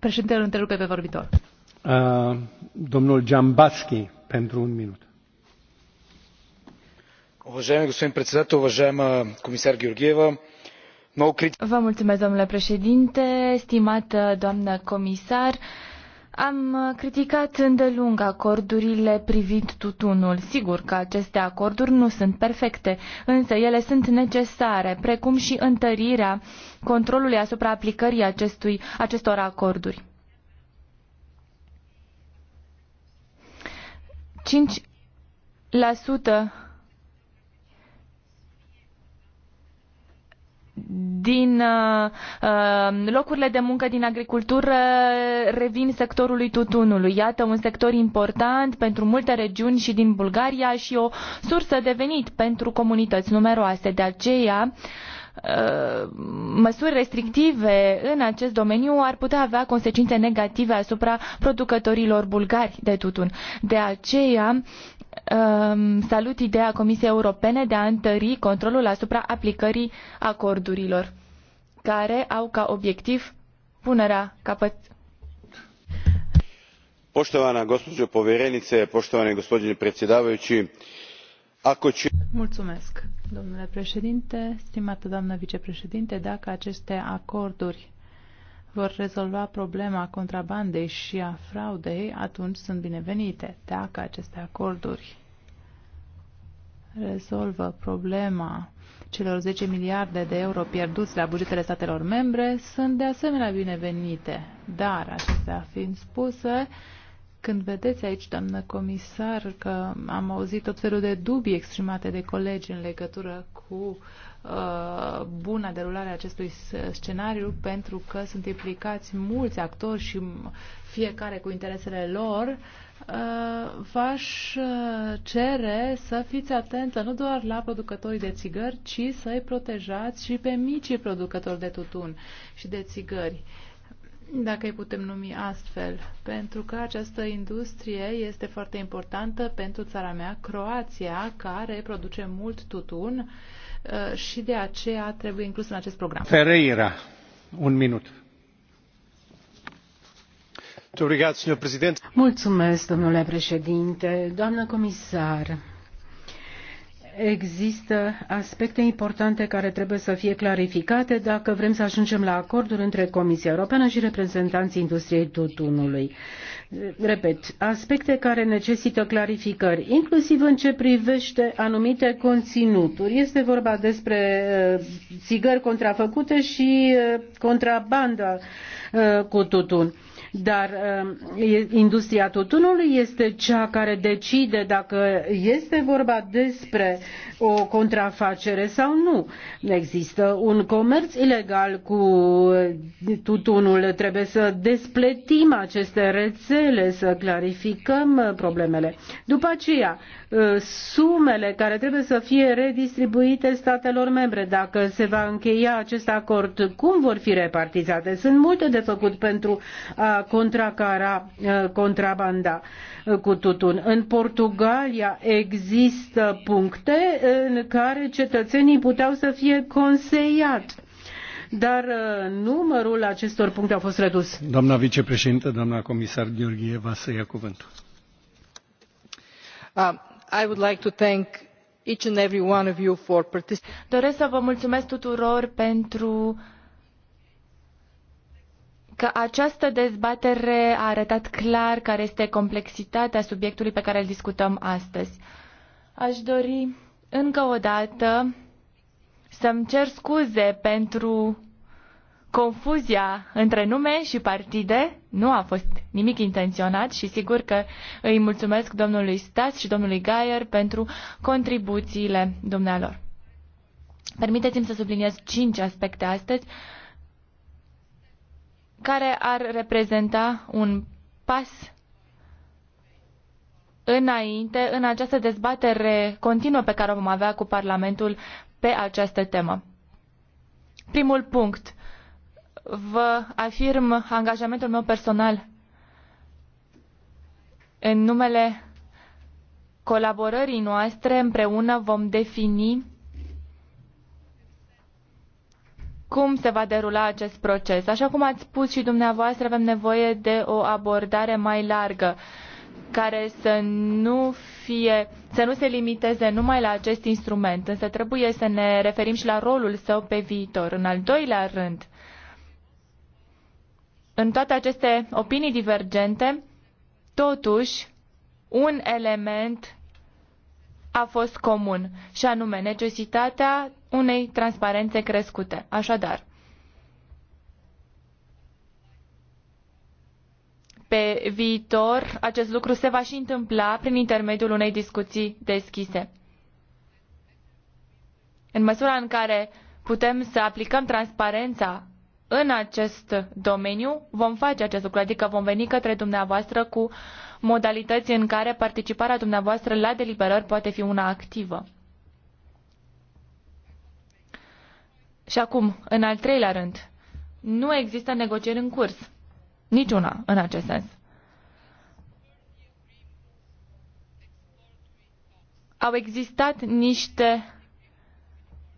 președintele întrerupe pe vorbitor. Uh, domnul Giambatski pentru un minut. Уважаеми господин председател, уважаема комисар Георгиева, много критично. Vă mulțumesc, domnule președinte, stimată doamnă comisar. Am criticat îndelung acordurile privind tutunul. Sigur că aceste acorduri nu sunt perfecte, însă ele sunt necesare, precum și întărirea controlului asupra aplicării acestui, acestor acorduri. 5% din uh, locurile de muncă din agricultură revin sectorului tutunului. Iată un sector important pentru multe regiuni și din Bulgaria și o sursă de venit pentru comunități numeroase. De aceea, uh, Uh, măsuri restrictive în acest domeniu ar putea avea consecințe negative asupra producătorilor bulgari de tutun. De aceea um, salut ideea Comisiei Europene de a întări controlul asupra aplicării acordurilor care au ca obiectiv punerea capăt poštovana gospođo povjerenice poštovani gospodine predsjedavajući ako će domnule președinte, stimată doamnă vicepreședinte, dacă aceste acorduri vor rezolva problema contrabandei și a fraudei, atunci sunt binevenite. Dacă aceste acorduri rezolvă problema celor 10 miliarde de euro pierduți la bugetele statelor membre, sunt de asemenea binevenite. Dar, acestea fiind spuse, când vedeți aici, doamnă comisar, că am auzit tot felul de dubii exprimate de colegi în legătură cu uh, buna derulare a acestui scenariu, pentru că sunt implicați mulți actori și fiecare cu interesele lor, uh, v-aș uh, cere să fiți atentă nu doar la producătorii de țigări, ci să-i protejați și pe micii producători de tutun și de țigări. Uh, dacă îi putem numi astfel, pentru că această industrie este foarte importantă pentru țara mea, Croația, care produce mult tutun uh, și de aceea trebuie inclus în acest program. Ferreira, un minut. Mulțumesc, domnule președinte, doamnă comisar există aspecte importante care trebuie să fie clarificate dacă vrem să ajungem la acorduri între Comisia Europeană și reprezentanții industriei tutunului. Repet, aspecte care necesită clarificări, inclusiv în ce privește anumite conținuturi. Este vorba despre uh, țigări contrafăcute și uh, contrabanda uh, cu tutun dar um, industria tutunului este cea care decide dacă este vorba despre o contrafacere sau nu. Există un comerț ilegal cu tutunul, trebuie să despletim aceste rețele, să clarificăm problemele. După aceea, uh, sumele care trebuie să fie redistribuite statelor membre, dacă se va încheia acest acord, cum vor fi repartizate? Sunt multe de făcut pentru a Contra contracara eh, contrabanda eh, cu tutun. În Portugalia există puncte în care cetățenii puteau să fie conseiat. dar eh, numărul acestor puncte a fost redus. Doamna vicepreședintă, doamna comisar va să ia cuvântul. Uh, I would like to thank each and every one of you for participating. Doresc să vă mulțumesc tuturor pentru că această dezbatere a arătat clar care este complexitatea subiectului pe care îl discutăm astăzi. Aș dori încă o dată să-mi cer scuze pentru confuzia între nume și partide. Nu a fost nimic intenționat și sigur că îi mulțumesc domnului Stas și domnului Gaier pentru contribuțiile dumnealor. Permiteți-mi să subliniez cinci aspecte astăzi care ar reprezenta un pas înainte în această dezbatere continuă pe care o vom avea cu Parlamentul pe această temă. Primul punct. Vă afirm angajamentul meu personal în numele colaborării noastre împreună vom defini cum se va derula acest proces. Așa cum ați spus și dumneavoastră, avem nevoie de o abordare mai largă care să nu fie, să nu se limiteze numai la acest instrument, însă trebuie să ne referim și la rolul său pe viitor. În al doilea rând, în toate aceste opinii divergente, totuși, un element a fost comun, și anume necesitatea unei transparențe crescute. Așadar, pe viitor acest lucru se va și întâmpla prin intermediul unei discuții deschise. În măsura în care putem să aplicăm transparența în acest domeniu vom face acest lucru, adică vom veni către dumneavoastră cu modalități în care participarea dumneavoastră la deliberări poate fi una activă. Și acum, în al treilea rând, nu există negocieri în curs. Niciuna în acest sens. Au existat niște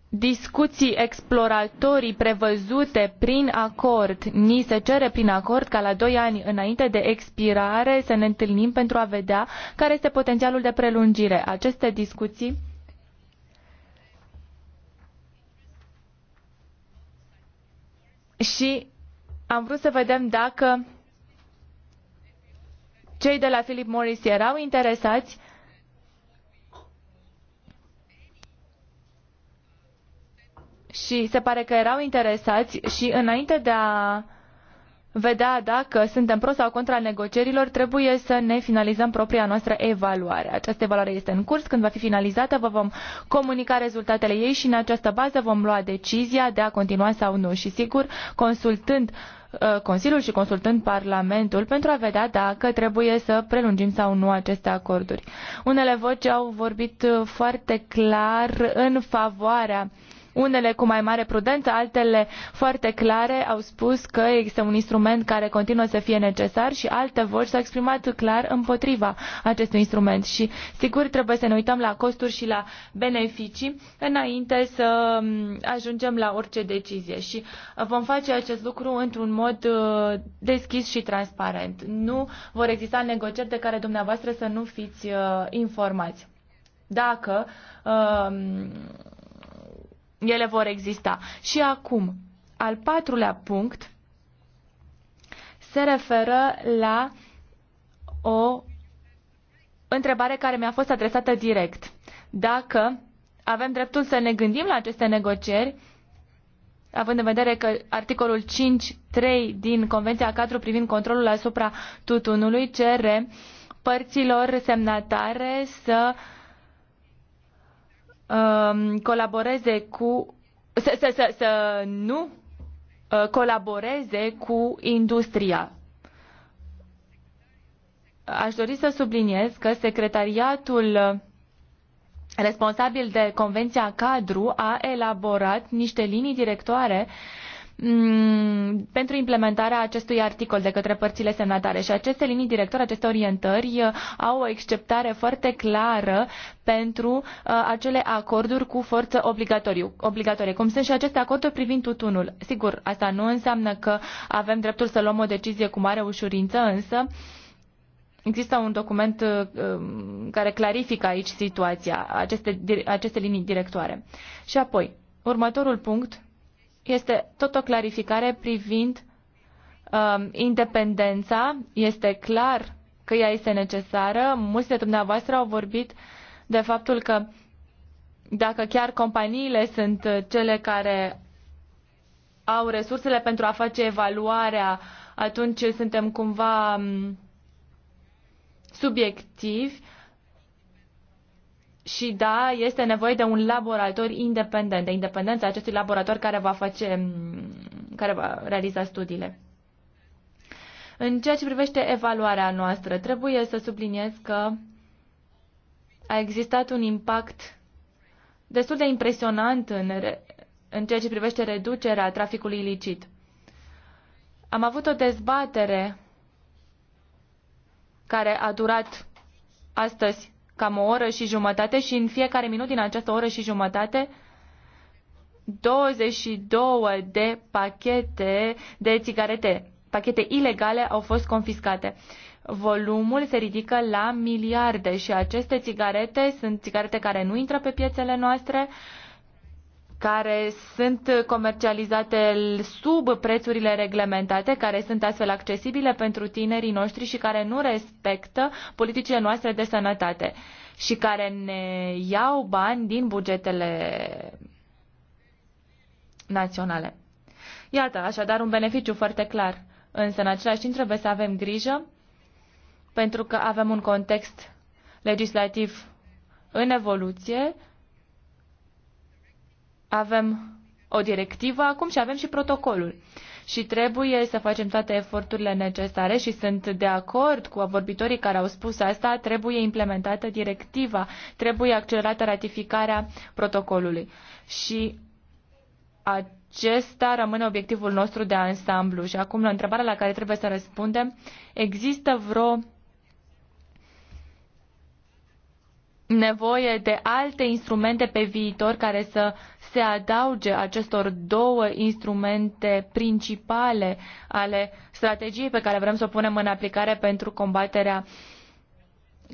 discuții exploratorii prevăzute prin acord. Ni se cere prin acord ca la doi ani înainte de expirare să ne întâlnim pentru a vedea care este potențialul de prelungire. Aceste discuții și am vrut să vedem dacă cei de la Philip Morris erau interesați și se pare că erau interesați și înainte de a vedea dacă suntem pro sau contra negocierilor, trebuie să ne finalizăm propria noastră evaluare. Această evaluare este în curs, când va fi finalizată vă vom comunica rezultatele ei și în această bază vom lua decizia de a continua sau nu și sigur consultând uh, Consiliul și consultând Parlamentul pentru a vedea dacă trebuie să prelungim sau nu aceste acorduri. Unele voci au vorbit uh, foarte clar în favoarea uh, unele cu mai mare prudență, altele foarte clare au spus că este un instrument care continuă să fie necesar și alte voci s-au exprimat clar împotriva acestui instrument. Și sigur trebuie să ne uităm la costuri și la beneficii înainte să mm, ajungem la orice decizie și vom face acest lucru într-un mod uh, deschis și transparent. Nu vor exista negocieri de care dumneavoastră să nu fiți uh, informați. Dacă uh, ele vor exista. Și acum, al patrulea punct se referă la o întrebare care mi-a fost adresată direct. Dacă avem dreptul să ne gândim la aceste negocieri, având în vedere că articolul 5.3 din Convenția 4 privind controlul asupra tutunului cere părților semnatare să uh, Um, colaboreze cu. să, să, să, să nu uh, colaboreze cu industria. Aș dori să subliniez că secretariatul responsabil de Convenția Cadru a elaborat niște linii directoare uh, Mm, pentru implementarea acestui articol de către părțile semnatare și aceste linii directoare, aceste orientări uh, au o exceptare foarte clară pentru uh, acele acorduri cu forță obligatoriu, obligatorie, cum sunt și aceste acorduri privind tutunul. Sigur, asta nu înseamnă că avem dreptul să luăm o decizie cu mare ușurință, însă Există un document uh, um, care clarifică aici situația, aceste, aceste linii directoare. Și apoi, următorul punct este tot o clarificare privind um, independența. Este clar că ea este necesară. Mulți de dumneavoastră au vorbit de faptul că dacă chiar companiile sunt cele care au resursele pentru a face evaluarea, atunci suntem cumva um, subiectivi și da, este nevoie de un laborator independent, de independența acestui laborator care va face, care va realiza studiile. În ceea ce privește evaluarea noastră, trebuie să subliniez că a existat un impact destul de impresionant în, în ceea ce privește reducerea traficului ilicit. Am avut o dezbatere care a durat astăzi cam o oră și jumătate și în fiecare minut din această oră și jumătate 22 de pachete de țigarete, pachete ilegale au fost confiscate. Volumul se ridică la miliarde și aceste țigarete sunt țigarete care nu intră pe piețele noastre, uh, care sunt comercializate sub prețurile reglementate, care sunt astfel accesibile pentru tinerii noștri și care nu respectă politicile noastre de sănătate și care ne iau bani din bugetele naționale. Iată, așadar, un beneficiu foarte clar. Însă, în același timp, trebuie să avem grijă pentru că avem un context legislativ în evoluție avem o directivă acum și avem și protocolul. Și trebuie să facem toate eforturile necesare și sunt de acord cu vorbitorii care au spus asta, trebuie implementată directiva, trebuie accelerată ratificarea protocolului. Și acesta rămâne obiectivul nostru de ansamblu. Și acum, la întrebarea la care trebuie să răspundem, există vreo nevoie de alte instrumente pe viitor care să se adauge acestor două instrumente principale ale strategiei pe care vrem să o punem în aplicare pentru combaterea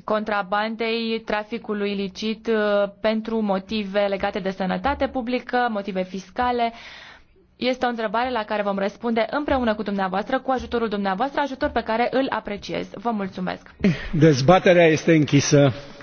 contrabandei, traficului ilicit uh, pentru motive legate de sănătate publică, motive fiscale. Este o întrebare la care vom răspunde împreună cu dumneavoastră, cu ajutorul dumneavoastră, ajutor pe care îl apreciez. Vă mulțumesc. Dezbaterea este închisă.